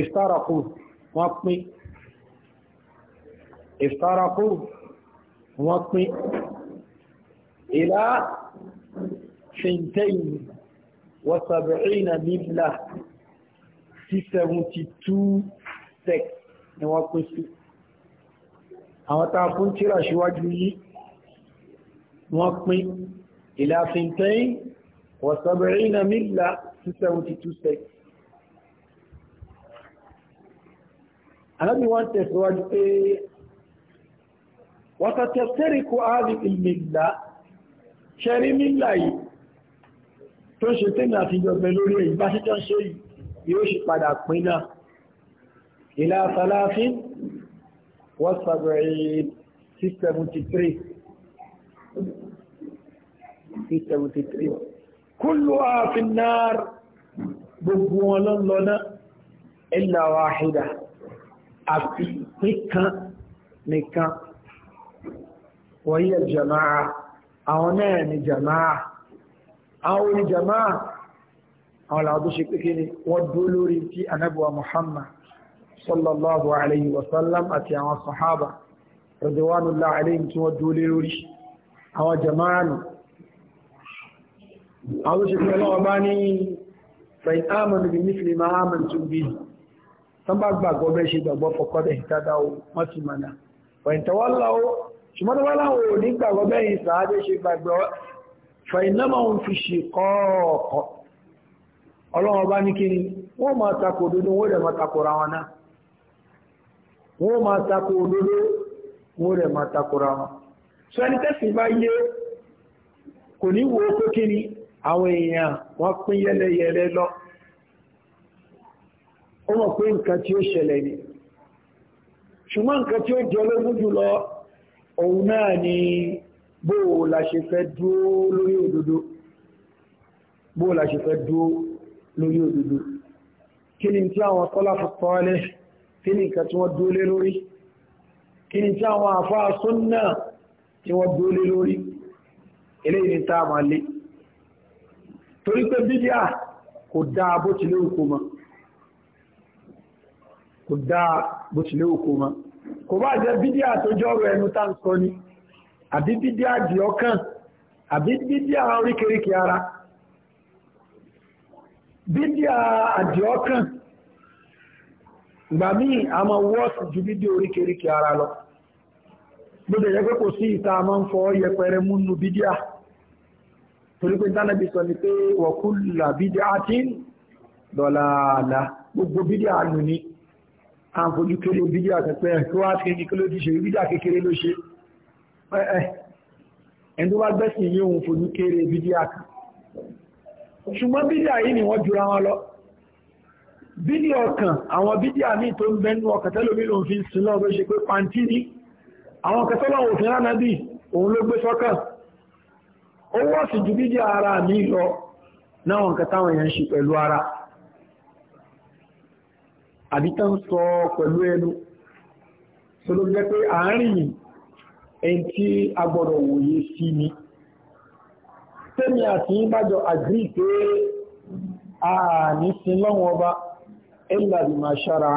iftarakú wọ́n wọ́n pín ìlà ṣintayin wasabirina nílá sí 72 sec ni wọ́n pín sí àwọn tàà fún tíra ṣíwájú yìí wọ́n pín ìlà ṣintayin wasabirina nílá sí 72 sec alábi wọ́n tẹ̀síwájú pé wàtàtẹ̀tẹ̀ríkù ààrí ìmìlá ṣẹ̀rí mílà yìí tó ṣe tẹ́mì àti ìjọba lórí èyí bá ṣíjọ́ ṣe yóò ṣe padà pín náà ìlà salafin wọ́sàbẹ̀rẹ̀ 673 673 kúlù ààfin náà gbogbo wọn lọ́nà illa wahida àti pín nìkan wọ́yí ẹ̀ jama'a àwọn náà ni jama'a àwọn orí jama'a àwọn làwọn ṣe pékè ni wọ́n dúró lórí tí anábùwà muhammad sallallahu alayhi wa sallam àti àwọn sahaba radwanullah alayhim tí wọ́n dúró lórí àwọn jama'a nù àwọn ṣe pékè lọ́wọ́ bá ní fẹ̀yìn ámànù bí nífìlì máa ámàntún bí tán bá gbàgbọ́ bẹ́ẹ̀ ṣe gbàgbọ́ fọkọ́ ṣùgbọ́n wọ́n láwọn ò ní gbàgbọ́ bẹ́yìn sàádé ṣe gbàgbọ́ fàìnàmà ń fi ṣe kọ́ọ̀kọ́ ọlọ́wọ́ bá ní wọ́n máa takò òdodo wọ́n rẹ̀ máa wọn náà wọ́n máa takò òdodo wọ́n rẹ̀ máa wọn sọ ẹni bá yé kò ní wo àwọn èèyàn wọ́n pín lọ pé nǹkan tí ó ṣẹlẹ̀ ni ṣùgbọ́n nǹkan tí ó jẹ́ ológun lọ. òun náà ni bóò la ṣe fẹ́ dúró lórí òdodo bóò la ṣe fẹ́ dúró lórí òdodo kí ni tí àwọn kọ́lá fọ́kọ́ alẹ́ kí ni nǹkan tí wọ́n dúró lé lórí kí ni tí àwọn àfáà súnnà tí wọ́n dúró lé lórí eléyìí ni táà lé torí pé bídíà kò dáa bó tilé òkú mọ́ kò dáa bó tilé òkú mọ́ kò bá jẹ́ bídíà tó jọ́rọ ẹnu tá ń sọ ni àbí bídíà dì ọkàn àbí bídíà oríkèríkè ara bídíà àdì ọkàn ìgbà míì a máa wọ́ọ̀sì ju bídíà oríkèríkè ara lọ gbogbo ẹ̀yẹ́ pé kò sí ìta a ń fọ yẹpẹrẹ múnú bídíà torí pé dánàbí sọ ni pé wọ̀kúlà bídíà tí dọ̀làlà gbogbo bídíà nù ni àfojú kéré bídí àtẹ̀pẹ́ tó wá kéré kí ló ti ṣe bídí àkékeré ló ṣe ẹ̀ẹ́ ẹni wá gbẹ́sìn yí òun fojú kéré bídí àkà ṣùgbọ́n bídí àyí ni wọ́n jura wọn lọ bídí ọkàn àwọn bídí àmì tó ń bẹnu ọkàn tẹ́lómi ló ń fi sin lọ bó ṣe pé pàǹtí ni àwọn ọkàn tọ́lọ́ òfin rán nábì òun ló gbé sọ́kàn ó wọ́ọ̀sì ju bídí ara mi lọ náà nǹkan táwọn èèyàn ń ṣe pẹ̀lú ara àbí tán sọ pẹ̀lú ẹnu tó ló jẹ́ pé àárín ẹni tí a gbọ́dọ̀ wòye sí ni tẹ́mi àti ìbájọ àgírí pé a ní sin lọ́wọ́ ọba ẹ̀là bí máa ṣára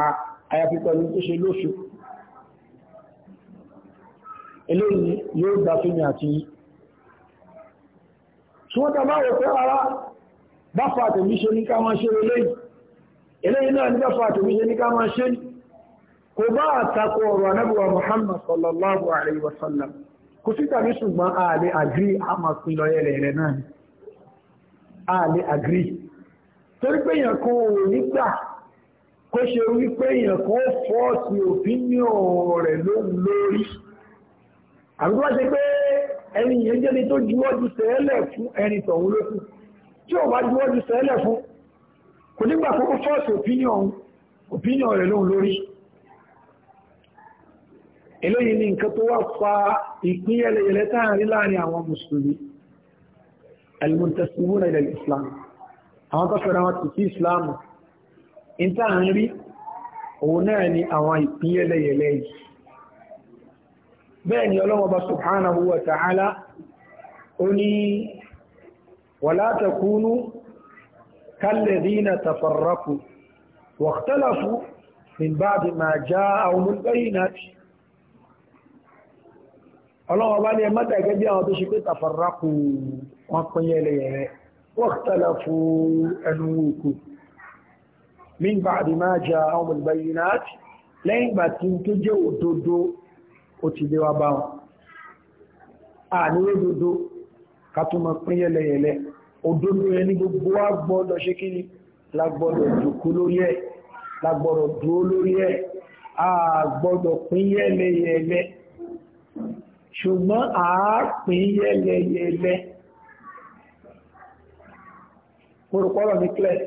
àyàfi pẹ̀lú tó ṣe lóṣù eléyìí yóò gbà fẹ́mi àti yìí eléyìí náà nígbà fún àtòmí ṣe ní ká máa ṣe kò bá àtakò ọ̀rọ̀ anábùwà Muhammad sallallahu alayhi wa sallam kò sí tàbí ṣùgbọ́n ààlè àgírí àmàpin lọ yẹlẹ̀ rẹ̀ náà ni ààlè àgírí torí pé èèyàn kan ò nígbà kó ṣe wípé kò nígbà kókó fọ́ọ̀sì opinion rẹ̀ lóhun lórí eléyìí ni nǹkan tó wà fa ìpín yẹlẹyẹlẹ táàrin láàrin àwọn mùsùlùmí alimuntasimuna ilẹ̀ islam àwọn tó fẹ́ra wọn ti sí islam in táàrin rí òun náà ni àwọn ìpín yẹlẹyẹlẹ yìí bẹ́ẹ̀ ni ọlọ́wọ́ subhanahu wa ta'ala ó ní wàlátàkúnú كالذين تفرقوا واختلفوا من بعد ما جاءهم البينات ọlọ́wọ́ bá ní ẹmọ́ta ẹgẹ́ bí àwọn tó ṣe pé tàfàrákù wọn pín yẹlẹ̀ yẹ̀rẹ́ wọ́ktàlàfù ẹnu òkú min ba'di ma ja'ahum al-bayyinat lẹ́yìn ìgbà tí ń tó jẹ́ òdodo ó ti lé wa bá wọn àníwé dodo ká tó mọ pín yẹlẹ̀ yẹ̀lẹ́ òdodo ẹni gbogbo wa gbọ́dọ̀ ṣe kí ni lágbọ́dọ̀ jòkó lórí ẹ̀ lágbọ́dọ̀ dúró lórí ẹ̀ a gbọ́dọ̀ pín yẹ́lẹyẹ̀lẹ ṣùgbọ́n a pín yẹ́lẹyẹ̀lẹ orúkọ́rọ̀ ní clẹ̀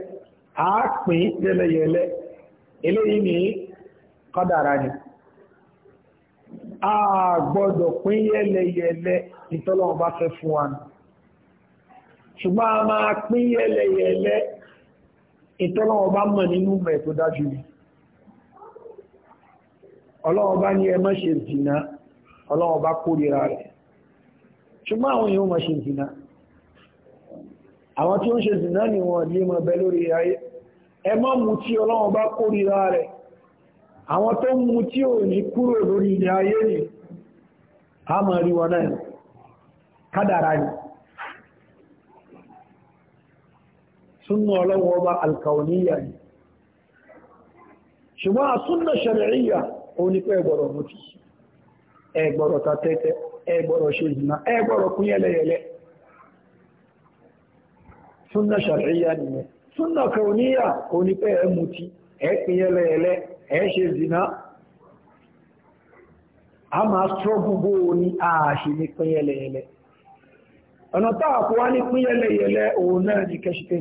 a pín yẹ́lẹyẹ̀lẹ eléyìí ní kádàrá ni a gbọ́dọ̀ pín yẹ́lẹyẹ̀lẹ ìtọ́lọ́wọ́n bá fẹ́ fún wa ni ṣùgbọ́n a máa pín yẹ́lẹ̀yẹ̀lẹ́ ìtọ́lọ́wọ́ bá mọ̀ nínú mẹ́ tó dájú ni ọlọ́wọ́ bá ní ẹ má ṣe zìnà ọlọ́wọ́ bá rẹ̀ ṣùgbọ́n àwọn èèyàn má ṣe zìnà àwọn tí ó ń ṣe zìnà ni wọ́n lè mọ̀ bẹ lórí ayé ẹ má mu tí ọlọ́wọ́ bá kórìíra rẹ̀ àwọn tó mu tí ò ní kúrò lórí ilẹ̀ ayé ni a mọ̀ rí wọn náà kádàrá ni. Kadara, súnà ọlọ́wọ́ ọba alkauniya ni ṣùgbọ́n a súnà ṣàríyà ó ní pé ẹgbọ̀rọ̀ mutí ẹgbọ̀rọ̀ tatẹ́tẹ́ ẹgbọ̀rọ̀ ṣe ìdìnà ẹgbọ̀rọ̀ kún yẹlẹyẹlẹ súnà ṣàríyà nìyẹn súnà kauniya ó ní pé ẹ mutí ẹ pín yẹlẹyẹlẹ ẹ ṣe ìdìnà a máa strọ́gùn bó o ní ààṣì ní pín yẹlẹyẹlẹ ọ̀nà táàkù ní pín yẹlẹyẹlẹ òun náà ní kẹ́ṣíkẹ́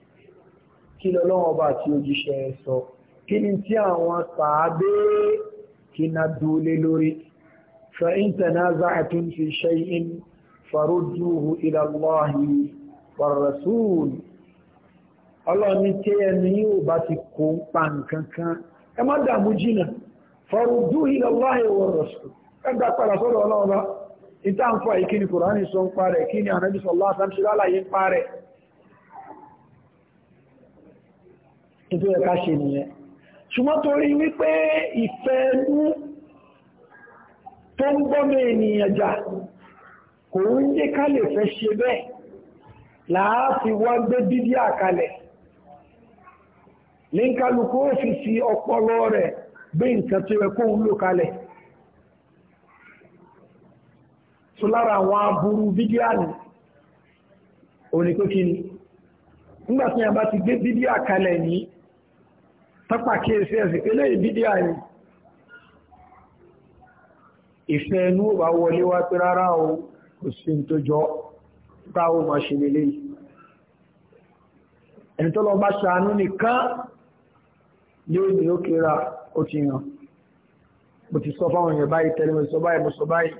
kí lọ́lọ́wọ́n bá ti òjíṣẹ́ sọ kí ni tí àwọn sàábé kí na dúlé lórí fa in tanaza'tum fi shay'in farudduhu ila Allahi war rasul ọlọ́ni tí ẹni yóò bá ti kó ń pa nǹkan kan ẹ má dààmú jìnà farudduhu ila Allahi war rasul ẹgbà padà sọ́dọ̀ ọlọ́wọ́ bá ìta ìkíni kùránì sọ ń parẹ̀ kí ni ànábì sallallahu alaihi wasallam lálàyé ń parẹ̀ ètò ẹ̀ká ṣe nìyẹn ṣùgbọ́n torí wípé ìfẹ́ tó ń gbọ́mọ̀ ènìyàn jà kò ń jẹ́ ká lè fẹ́ ṣe bẹ́ẹ̀ láàáfin wá gbé dídí àkalẹ̀ línkálukú ó fi fi ọpọlọ rẹ̀ gbé nǹkan tó yẹ kó ń lò tápà kíyèsí ẹ̀sìn pé lẹ́yìn bídíà ni ìfẹ́ inú ò bá wọlé wá pé rárá o kò sí tó jọ táwọ máa ṣe lélẹ̀ ẹni tó lọ bá ṣàánú nìkan ní òní ó kéra ó ti hàn mo ti sọ fáwọn èèyàn báyìí tẹ́lẹ̀ mo sọ báyìí mo sọ báyìí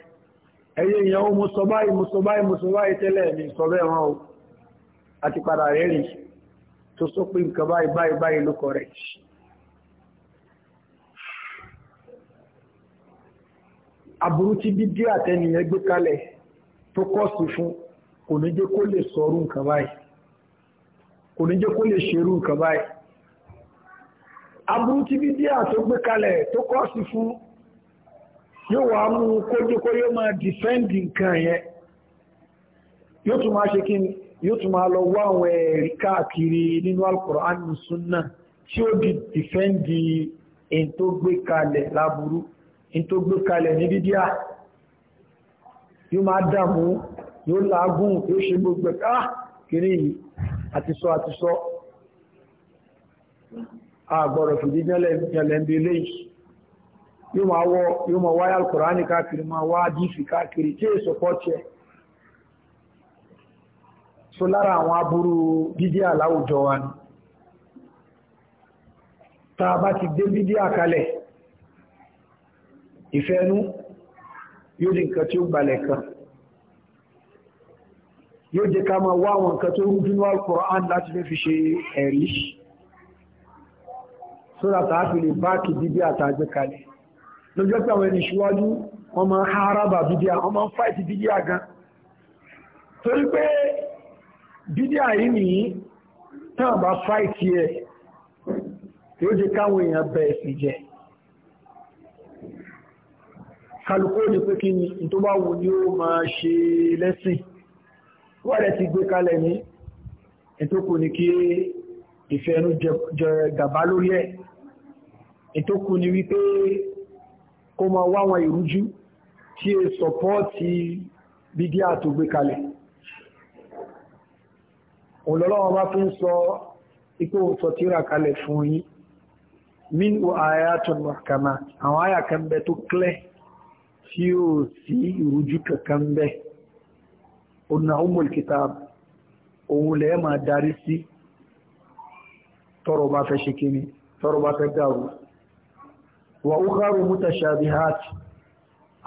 ẹ̀yẹ èèyàn mo sọ báyìí mo sọ báyìí mo sọ báyìí tẹ́lẹ̀ mi sọ bẹ́ẹ̀ wọn o àti padà rẹ́rìn tó sọ pé nǹkan báyìí báyìí báyìí ló correct aburú tí bídí àtẹnìyàn gbé kalẹ̀ tó kọ́sì fún kò ní jẹ́ kó lè sọ̀rọ̀ nǹkan báyìí kò ní jẹ́ kó lè ṣerú nǹkan báyìí aburú tí bídí àtó gbé kalẹ̀ tó kọ́sì fún yóò wá mú kójókó yóò máa dìfẹ́ǹdì nǹkan yẹn yóò tún máa ṣe kí ni yóò tún máa lọ wá àwọn ẹ̀rí káàkiri nínú Al-Qur'an Sunnah tí ó di dìfẹ́ǹdì èyí tó gbé kalẹ̀ láburú. La in tó gbé kalẹ̀ ní bídíà yóò máa dàmú yóò láàgùn yóò ṣe gbogbo ká ah! kiri yìí àti sọ àti sọ àgbọ̀rọ̀ fìdí jẹ́lẹ̀ ń bí eléyìí yóò máa wọ yóò máa wáyà alkùránì káàkiri máa wá jífì káàkiri tí èso pọ̀ tiẹ̀ so lára àwọn aburú bídíà láwùjọ wa ni tá bá ti gbé bídíà kalẹ̀ ìfẹ́nú yóò di nǹkan tí ó gbalẹ̀ kan yóò jẹ́ ká máa wá àwọn nǹkan tó rújúnú al-Qur'an láti lè fi ṣe ẹ̀rí sódà tààfi lè báàkì bíbí àtàgbé kalẹ̀ lójọ́ pé àwọn ẹni ṣíwájú wọ́n máa ń hárábà bíbí à wọ́n máa ń fáìtì bíbí à gan torí pé bíbí à nìyí tán àbá fáìtì ẹ̀ yóò jẹ́ káwọn èèyàn bẹ̀ẹ̀ sì jẹ́ kálukú ní pé kí ni tó bá wù ní ó máa ṣe lẹ́sìn wà rẹ̀ ti gbé kalẹ̀ ní ìtókù ní kí ìfẹ́ ẹnu jẹ gàbá lórí ẹ̀ ìtókù ní wípé kó máa wá wọn ìrújú tí e sọpọ́ọ̀tì bídíà tó gbé kalẹ̀ òlọ́lọ́wọ́ bá fi ń sọ ipò sọtíra kalẹ̀ fún yín min wa ayatun muhkamat àwọn àyà kan bẹ tó clear tí ó sí ìrújú kankan bẹ́ ọ̀nà umul kitab òun lẹ́ máa darí sí tọrọ bá fẹ́ ṣe kíní tọrọ bá fẹ́ dàrú wà ó kárò mutashabihat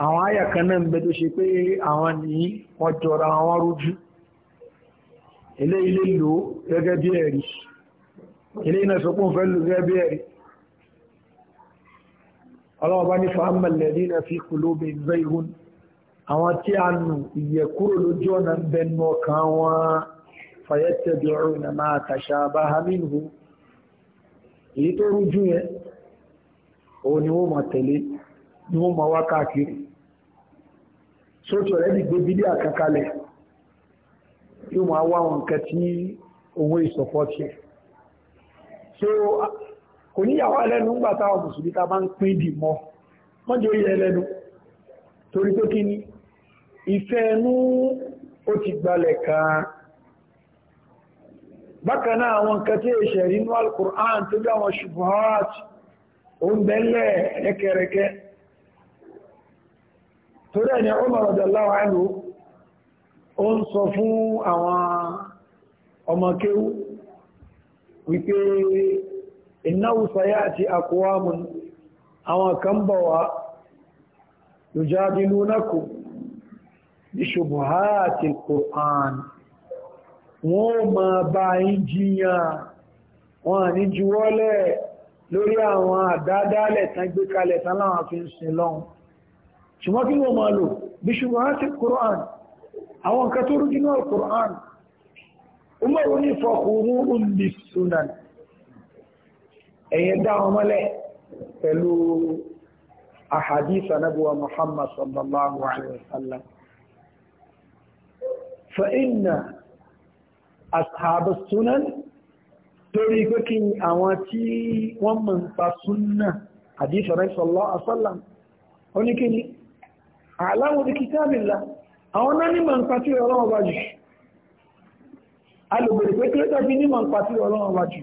àwọn àyà kan náà ń bẹ tó ṣe pé àwọn ní wọ́n jọra àwọn rújú eléyìí lè lò gẹ́gẹ́ bí ẹ̀rí eléyìí náà sọ fẹ́ lò gẹ́gẹ́ bí ẹ̀rí ọlọ́wọ́ bá ní fàámà lẹ́dínà fi kùlóbè zaihun àwọn tí a nù ìyẹ̀kúrò lójú ọ̀nà ń bẹ nù ọkàn wọn fàyẹ́tẹ̀bì ọ̀rùn nà máa tàṣà bá hamínú èyí tó rújú yẹn òun ni wọ́n máa tẹ̀lé ni wọ́n máa wá káàkiri sóòtù ọ̀rẹ́ dìgbò bílí àkàkalẹ̀ yóò máa wá àwọn nǹkan tí òun ìsọ̀pọ̀ tiẹ̀ kò níyàwó ẹlẹ́nu ń gbàtà ọmọ mùsùlùmí ta bá ń pín dì mọ́ mọ́jọ yẹ ẹlẹ́nu torí tó kí ni ìfẹ́ ẹnu ó ti gbalẹ̀ kan bákan náà àwọn nǹkan tí èṣẹ̀ rí inú tó bí àwọn ṣubuhat òun ẹkẹrẹkẹ torí ẹni ọmọ kéwú wípé innahu sayati aqwamun awa kambawa yujadilunakum bi shubuhati alquran wọ́n máa bá yín jiyàn wọ́n ní juwọ́lẹ̀ lórí àwọn àdádálẹ̀ tán gbé kalẹ̀ tán láwọn fi ń sin lọ́hun ṣùgbọ́n kí wọ́n máa lò bí shubuhati alquran àwọn nǹkan tó rújú náà alquran umaru ní fọkùnrún bí sunan ẹ̀yẹn dá wọn mọ́lẹ̀ pẹ̀lú ahadisa nabuwa muhammad sallallahu alaihi wasallam fa inna ashab sunan torí pé kí àwọn tí wọ́n mọ̀ ń pa súnà hadisa rẹ̀ sallallahu alaihi wasallam oníkíní àláwọ̀ bí kitabillah àwọn náà ní mọ̀ ń pa tí ọlọ́wọ́ bá jù alùgbèrè pé kí ló tàbí ní mọ̀ ń pa tí ọlọ́wọ́ bá jù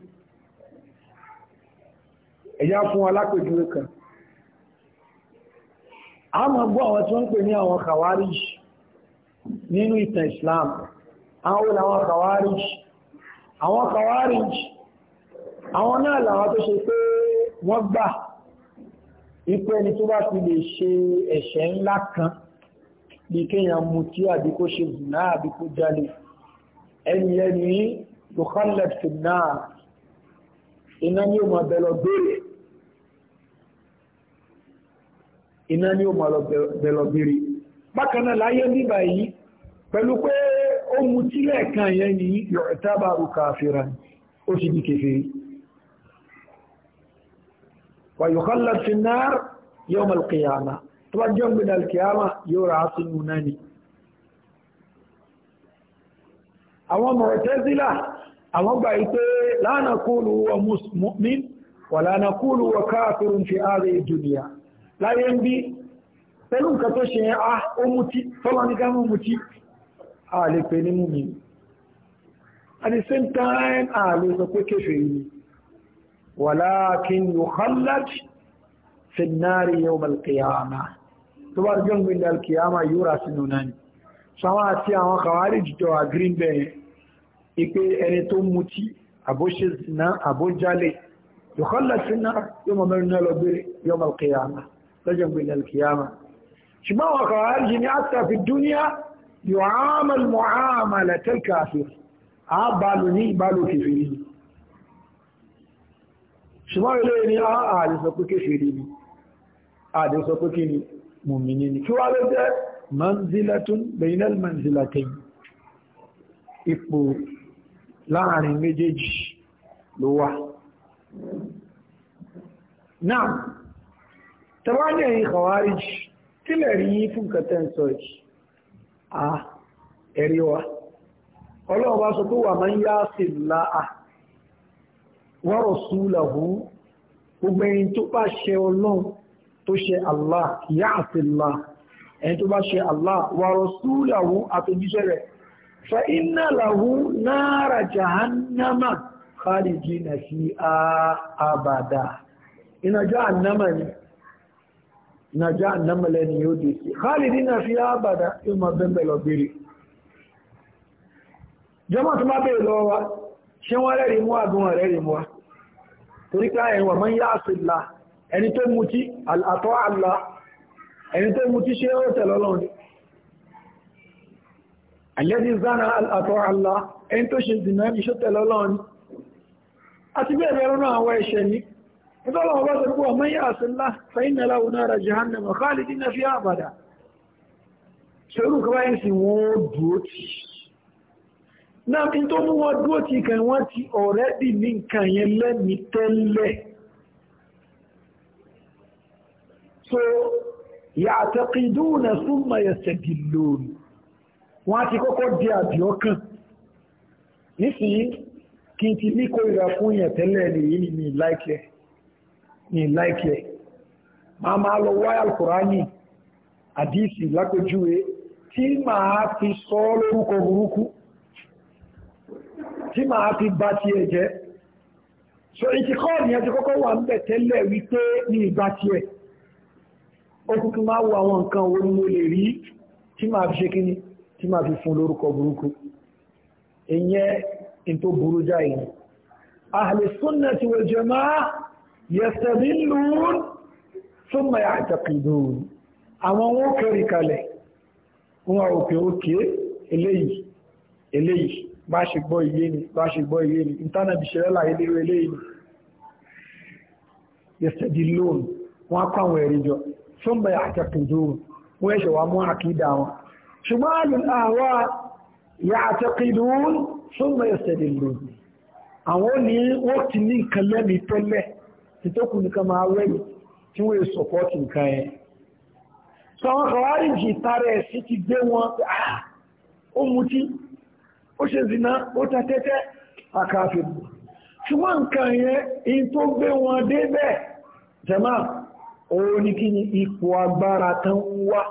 ẹ̀yà fún alápèjúwe kan a máa gbọ́ àwọn tí wọ́n ń pè ní àwọn khawarij nínú ìtàn Islam àwọn olè àwọn khawarij àwọn khawarij àwọn náà làwọn tó ṣe pé wọ́n gbà ipò ẹni tó bá fi lè ṣe ẹ̀ṣẹ̀ ńlá kan bí kéèyàn mutí àbí kó ṣe zùnà àbí kó jalè ẹni ẹni yukhallad fi náà iná ní òun abẹ́lọ iná ní ó máa lọ bẹ̀lọ̀bìrì bákan náà láyé nígbà yìí pẹ̀lú pé ó mu tí lẹ́ẹ̀kan yẹn ní yu'tabaru kafiran ó sì di kèfèrí wa yukhallad fi an-nar yawm al-qiyamah tó bá jọ́ gbìnà alkiyama yóò rà á sínú náà ni àwọn Mu'tazila àwọn gbà yí pé la naqulu huwa mu'min wa la naqulu huwa kafirun fi hadhihi ad láyé ń bí pẹ̀lú nǹkan tó ṣe á ah, ó mutí tọ́lọ́ ní ká mú mutí a lè pè ní mú mi at the same time a lè sọ pé kéfè yìí walakin yukhallad fi an-nari yawm al-qiyamah tó bá jọ́ gbìndà alkiyama yóò rà sínú náà ni sáwọn àti àwọn kàwárí jùjọ àgírín bẹ̀rẹ̀ ìpé ẹni tó mutí àbóṣe zina àbójálẹ̀ yukhallad fi an-nar yawm al-qiyamah لجنب إلى القيامة شباب خوارج حتى في الدنيا يعامل معاملة الكافر آه بالوني بالو كفيري ṣùgbọ́n ilé ní ààrẹ sọ pé kéfèrè ni ààrẹ sọ pé kí ni mùmìnì ni kí wá ló jẹ́ manzilatun bainal manzilatayn ipò láàrin méjèèjì ló wà náà tẹ́wá ní ẹ̀yin khawarij kí lè rí yín fún kẹtẹ́ ń sọ yìí à ẹ̀rí wa ọlọ́run bá sọ pé wà máa ń yá sí láà wa rasulahu gbogbo ẹni tó bá ṣe ọlọ́run tó ṣe Allah yá àti láà ẹni tó bá ṣe Allah wa rasulahu àtòjíṣẹ́ rẹ̀ fa inna lahu nara jahannama khalidina fiha abada iná jahannama ni nàjá ànámọ̀lẹ́ ni yóò dé sí khalidina fiha abada yóò máa bẹ́ẹ̀ lọ gbére jọmọ́ tó má bèèrè lọ wa ṣe wọ́n rẹ̀ rí mú àgún rẹ̀ rí mú wa torí ká ẹ̀wọ̀n mọ́ yá àṣìlá ẹni tó mú tí àtọ́ àlá ẹni tó mú tí ṣe ó tẹ̀lọ́lọ́run ni alẹ́dí zánà àtọ́ ẹni tó ṣe dìnà iṣẹ́ tẹ̀lọ́lọ́run ni àti bẹ́ẹ̀ bẹ́ẹ̀ rọ́nà àwọn ẹ̀ṣẹ̀ ní ìtọ́lọ̀ ọba tó kú ọmọ yà sílá fẹ́yìnlá onára jihannama khalidi na fi àbàdà ṣerú kọ́wáyé sí wọ́n dúó tí náà kí tó mú wọn dúó tí kan wọ́n ti ọ̀rẹ́dì ní nǹkan yẹn lẹ́ni so ya'taqiduna thumma yastadillun wọ́n ti kọ́kọ́ di àbíọ́kàn nísìnyí kí n ti ní kórìíra ni mi láìkẹ́ Ni láìkí ẹ̀ máa máa lọ wáyà kùránì àdíìsì lápẹjúwe tí máa fi sọ lórúkọ burúkú tí máa fi bá ti ẹ̀ jẹ́ so ìtìkọ́ ni ẹjọ́ kọ́kọ́ wà ń bẹ̀ tẹ́lẹ̀ wípé ní ìgbà tí ẹ̀ ó kúkú máa wo àwọn nǹkan wo ni mo lè rí tí máa fi ṣe kíní tí máa fi fún lórúkọ burúkú ìyẹn in tó burú jáì ni ahlus sunnati wal jamaa yẹ̀sẹ̀dínlùún súnmọ̀ àtàkìdùn àwọn wọn kẹrì kalẹ̀ wọn òkè òkè eléyìí eléyìí bá ṣe gbọ́ iye ni bá ṣe gbọ́ iye ni ìntánàbì ṣẹlẹ́là ilérò eléyìí yẹ̀sẹ̀dínlùún wọn kọ́ àwọn ẹ̀rí jọ súnmọ̀ àtàkìdùn wọn ẹ̀ṣẹ̀ wà mú àkídà wọn ṣùgbọ́n àlùn àwọn ni wọ́n ti ní nǹkan lẹ́mìí tẹ́lẹ̀ títókù nìkan máa wẹ́yìn tí wọ́n yẹ sọ̀pọ́tì nǹkan yẹn sọ àwọn kọ̀wárìjì tààrà ẹ̀sí ti gbé wọn ah, ó mutí ó ṣe zina ó ta tẹ́tẹ́ àkàfẹ́ ṣùgbọ́n nǹkan yẹn in tó gbé wọn débẹ̀ jẹ́mà òun ní kí ni ipò agbára tán ń wá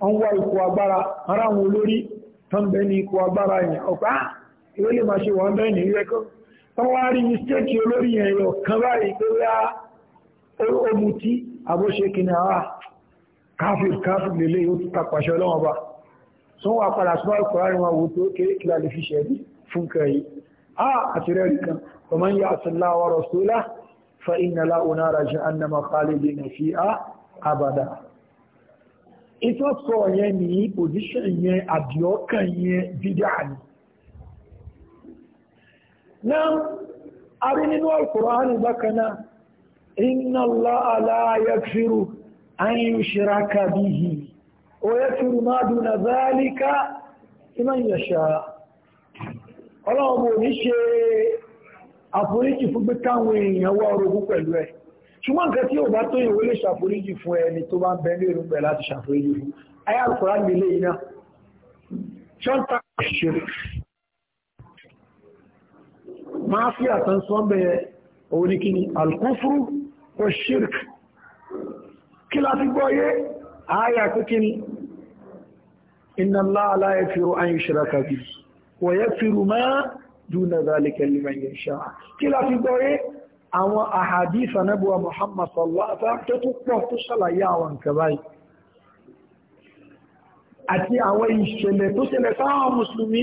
wọ́n wá ipò agbára ara wọn olórí tán bẹ́ẹ̀ ni ipò agbára yẹn ọ̀pá ìwé lè máa ṣe wọ́n bẹ́ẹ̀ ní ilé tọwárí mistéèkì olórí ẹ̀yọ kan báyìí tó yá omutí àbóṣe kìnnìyàn ah, káfíìr káfíìr lélẹ̀ yóò ti tàpàṣẹ ọlọ́wọ́n bá tó wà padà sọ́wọ́ ìkọ̀rárí wọn wò tó kéré kìlá lè fi ṣẹ̀rí fún kẹrì a ah, àti rẹ̀rí náà a rí nínú Al-Qur'an bákanáà inna Allaha la yaghfiru an yushraka bihi wa yaghfiru ma duna dhalika liman yasha ọlọ́run bò ní ṣe àforíjì fún pé káwọn èèyàn wá orogún pẹ̀lú ẹ̀ ṣùgbọ́n nǹkan tí ò bá tó ìwé lè ṣàforíjì fún ẹni tó bá ń bẹ ní èròǹgbẹ̀ láti ṣàforíjì fún ayé Al-Qur'an nílé iná ṣọ́ntà ṣe máa fi àtàn sọ́bẹ̀ òun ní kíni alkúfúrú o ṣírk kí láti gbọ́yé ààyà pé kíni inna Allaha la yaghfiru an yushraka bihi wa yaghfiru ma duna dhalika liman yasha kí láti gbọ́yé àwọn àhàdífà nábúwa Muhammad sallallahu alaihi wasallam tó tún pọ̀ àti àwọn ìṣẹ̀lẹ̀ tó ṣẹlẹ̀ sáwọn mùsùlùmí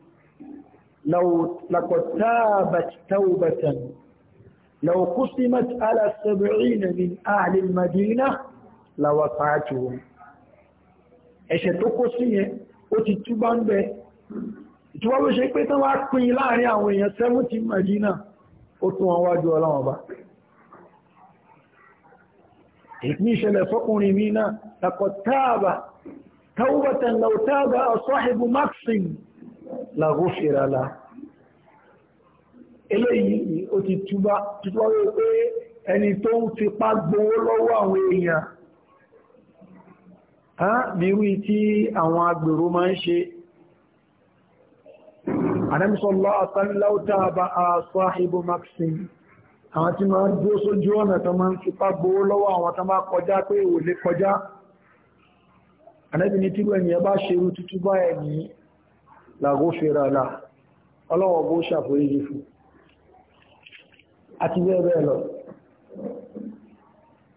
لو لقد تابت توبة لو قسمت على السبعين من أهل المدينة لوقعتهم ẹ̀ṣẹ̀ tó kó sí yẹn ó ti túbá ń bẹ ìtúbá ló ṣe pé tán wá pín láàrin àwọn èèyàn 70 Madina ó tún wọn wájú ọlọ́wọ́n bá ìpín ìṣẹ̀lẹ̀ fọ́kùnrin mi náà laqad taaba tawbatan law taaba sahibu maxim làgófèrè la eléyìí ó ti túbá túbá wípé ẹni tó ń fipá gbowó lọ́wọ́ àwọn èèyàn bíwí tí àwọn agbèrò máa ń ṣe àdámsọ́lọ́ àtàláwọ́ta bá a sọ́hìbò maxim àwọn tí máa ń dúró sójú ọ̀nà tó máa ń fipá gbowó lọ́wọ́ àwọn tó máa kọjá pé ò lè kọjá àdábìnitírò ẹ̀yẹ bá ṣerú tútúbá ẹ̀yìn làgófèrè àlà ọlọ́wọ́ bó ṣàforíjì fún àti bẹ́ẹ̀ bẹ́ẹ̀ lọ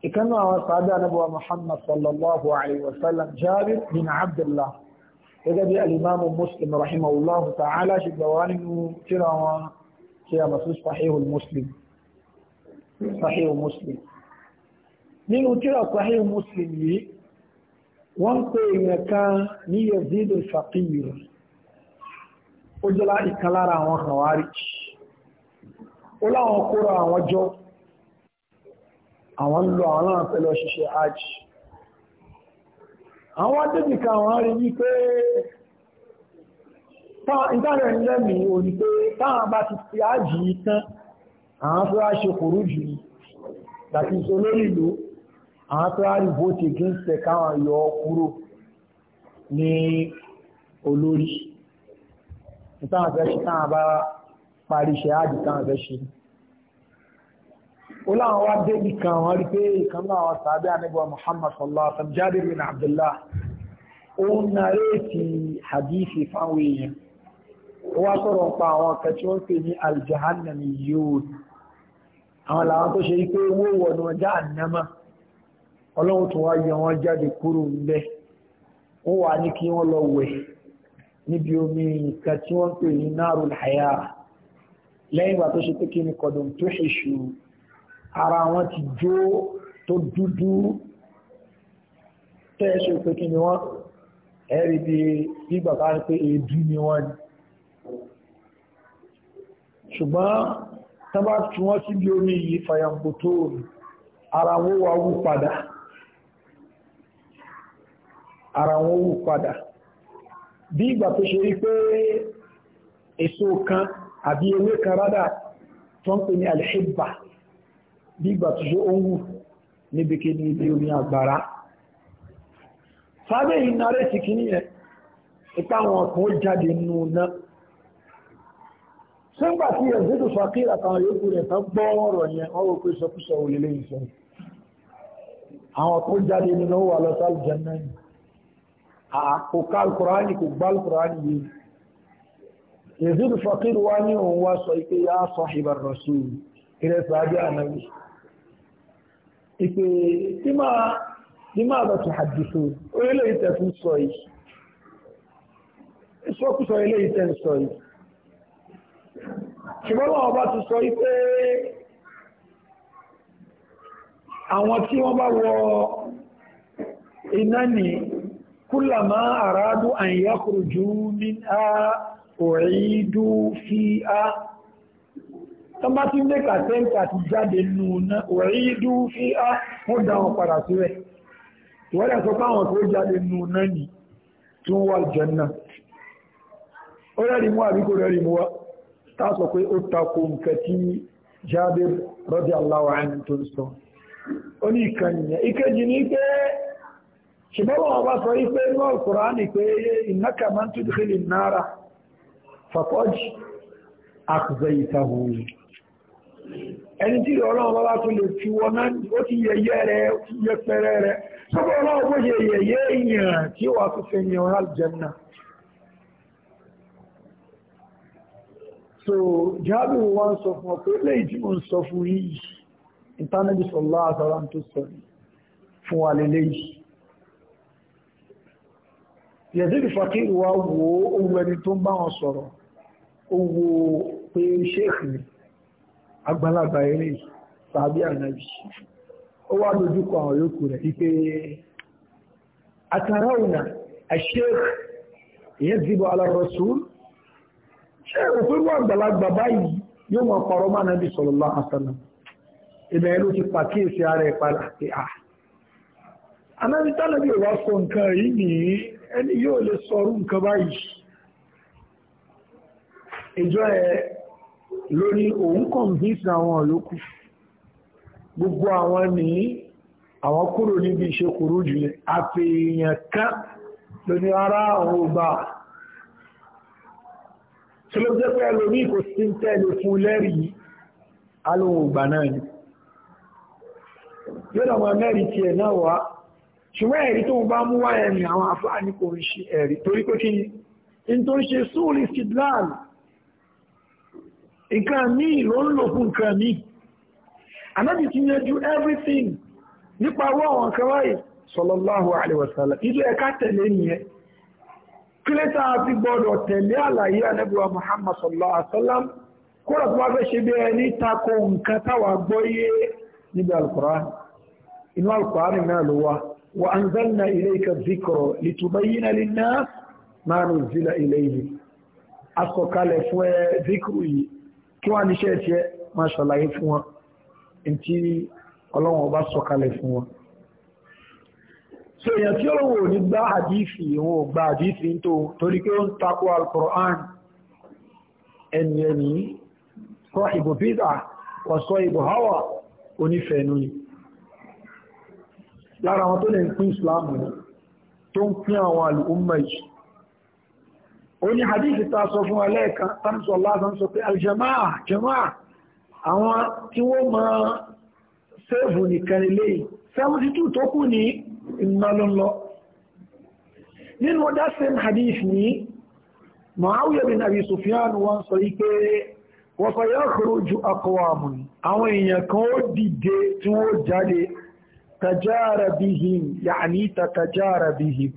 ìkánná àwọn sàádà anábọ̀wà muhammad sallallahu alaihi wasallam jabir bin abdullah gẹ́gẹ́ bí alimamu muslim rahimahullahu ta'ala ṣe gbà wá nínú tíra wọn tí a masu sahihul muslim sahihul muslim nínú tíra sahihul yìí wọ́n pè èèyàn ní yazid al ó jẹ́ ìkan lára àwọn kàwárí ó láwọn kóra àwọn jọ àwọn ń lo àwọn náà pẹ̀lú ọ̀ṣiṣẹ́ àwọn adébìkà àwọn rí wípé ìtàrẹ̀ ìlẹ́mì òní pé táwọn bá ti fi ajì tán àwọn tó ṣe kòrò jù ní tàbí ìlú táwọn fẹ́ ṣe táwọn bá parí iṣẹ́ áàdì táwọn fẹ́ ṣe. ó láwọn wá débi kan wọ́n rí pé ìkan náà wọ́n sàábẹ́ àníbọ̀ Muhammad sallallahu alaihi wasallam Jabir bin Abdullah ó ń naréètì hadithi fáwọn èèyàn ó wá sọ̀rọ̀ pa àwọn kan tí wọ́n pè ní aljahannami yóò àwọn làwọn tó ṣe pé owó wọ̀nà jahannama ọlọ́run tó wá yọ wọn jáde kúrò ń bẹ́ẹ̀ ó wà ní kí wọ́n lọ wẹ̀ níbi omi nǹkan tí wọ́n ń pè ní narul haya lẹ́yìn ìgbà tó ṣe pé kí ni kọ̀dùn tó ṣèṣù ara wọn ti jó tó dúdú tẹ́ ṣe pé kí ni wọ́n ẹ̀rí bí gbígbà bá ń pé èédú ni wọ́n ni ṣùgbọ́n tán bá tí wọ́n sí omi yìí fàyàǹkò tó ara wọn wà wú padà ara wọn wú padà bí ìgbà tó ṣe rí pé èso kan àbí ewé kan rádà tó ń pè ní alhibba bí ìgbà tó ṣe ó ń wù níbi kí ní ibi omi àgbàrá sábẹ́ yìí náà rẹ̀ sì kí yẹn ipa àwọn kan jáde nínú náà sígbà tí ẹ̀zídù fàkír àtàwọn yòókù rẹ̀ tán gbọ́ ọ̀rọ̀ yẹn wọ́n wò pé sọkúsọ òlélẹ́yìn sọ àwọn kan jáde nínú wà lọ sálùjẹ́ náà kò ká alkùránì kò gbá alkùránì yìí yẹ̀zí fàkír wá ní òun wá sọ ipé yá sahibar rasul ilẹ̀ sàájá ànáwì ìpè tí máa bá ti hàdìsó orílẹ̀ ìtẹ̀ fún sọ yìí ìsọkúsọ ilé ìtẹ̀ ń sọ yìí ṣùgbọ́n wọn bá ti sọ ipé àwọn tí wọ́n bá wọ iná nìí kúlàmá àrádú àyàkùrùjú ní a òrìdú fi a tán bá ti mẹ́ kàtẹ́ǹkà ti jáde nù náà òrìdú fi a wọ́n dá wọn padà sí rẹ̀ ìwọ́dẹ̀ sọ káwọn tó jáde nù náà ni tún wà jẹ́nà ó rẹ̀rì mú àbí kò rẹ̀rì mú wá tá sọ pé ó takò nǹkan tí Jabir radiyallahu anhu tó sọ ó ní ìkànnì ìkejì ní pé ṣùgbọ́n wọn bá sọ wípé lọ́ ìkùránì pé ìnáka máa ń tún dìkìlì nára fàkọ́jì àkùzẹ̀ ìtàhù ẹni tí ọlọ́run bá bá tún lè fi wọn náà ó ti yẹyẹ rẹ yẹpẹrẹ rẹ sọ́kọ́ ọlọ́run bó ṣe yẹyẹ èèyàn tí ó so jábì wọn sọ fún ọ pé lẹ́yìn ń sọ fún yìí ìtànẹ́bí sọ̀lá àtàrà tó sọ fún wa lélẹ́yìí yẹ̀sílì fàkírì wa wo owó ẹni tó ń bá wọn sọ̀rọ̀ owó pé ṣéèkì ni àgbàlagbà eré tàbí ànábì ó wá lójúkọ àwọn yòókù rẹ̀ wípé àtàràwùnà àṣéèkì ìyẹn ti bọ alárọ̀sù ṣé òfin wà àgbàlagbà báyìí yóò mọ pọ̀rọ̀ mọ́ ànábì sallallahu alaihi wasallam ìbẹ̀rẹ̀ ló ti pàkíyèsí ara ẹ̀ padà pé à ah, ànábì tánàbí ò wá sọ nǹkan yìí nìyí ẹni yóò lè sọ̀rọ̀ nǹkan báyìí ìjọ ẹ̀ lórí òun kọ̀m̀píìsì àwọn yòókù gbogbo àwọn ní àwọn kúrò níbi ìṣekúrú jùlẹ̀ àpèèyàn kan lóní ara àwọn ọba tí ló jẹ́ pé ẹlòmí kò sí ń tẹ́lẹ̀ fún lẹ́rìí alóhùn ògbà náà ni yóò dàmọ́ mẹ́rin tiẹ̀ náà wá ṣùgbọ́n ẹ̀rí tó ń bá mú wá ẹ̀mì àwọn àfáà ní kò ń ṣe ẹ̀rí torí pé kí ní tó ń ṣe sóòlì sidlal nǹkan ní ìlò ń lò fún nǹkan ní anábì ti yanjú everything nípa wọ́n àwọn kan báyìí sallallahu alaihi wasallam ìlú ẹ̀ka tẹ̀lé nìyẹn kílẹ́tà fi gbọ́dọ̀ tẹ̀lé àlàyé anábìwa Muhammad sallallahu alaihi wasallam kóra tó bá fẹ́ ṣe bí ẹni tako nǹkan táwa gbọ́yé níbi alukùránì inú alukùránì náà ló wá وأنزلنا إليك الذكر لتبين للناس ما نزل إليه أسوكال فوى ذكري كما نشأت ما شاء الله فوى أنت ọlọ́run ọba sọ̀kalẹ̀ fún wọn so èyàn tí ọlọ́run ò ní gbá àdífì wọn ò gbá àdífì tó torí pé ó ń takò al-Qur'an sọ ìbò bídà wọ́n sọ ìbò hawa onífẹ̀ẹ́nu yìí lára wọn tó lè ń pín islam ní tó ń pín àwọn al'umma yìí ó ní hadithi ta sọ fún alẹ́ẹ̀kan tamsọ lásán sọ pé aljama'a jama'a àwọn tí wọ́n ma sẹ́ẹ̀fù nìkan ilé 72 tó kù ní ìmọ̀lọ́lọ́ nínú that same hadith ní Muawiya bin Abi Sufyan wọ́n sọ ipé wọ́n fa yakhruju aqwamun àwọn èèyàn kan ó dìde tí wọ́n jáde تجاربهم يعني تتجاربهم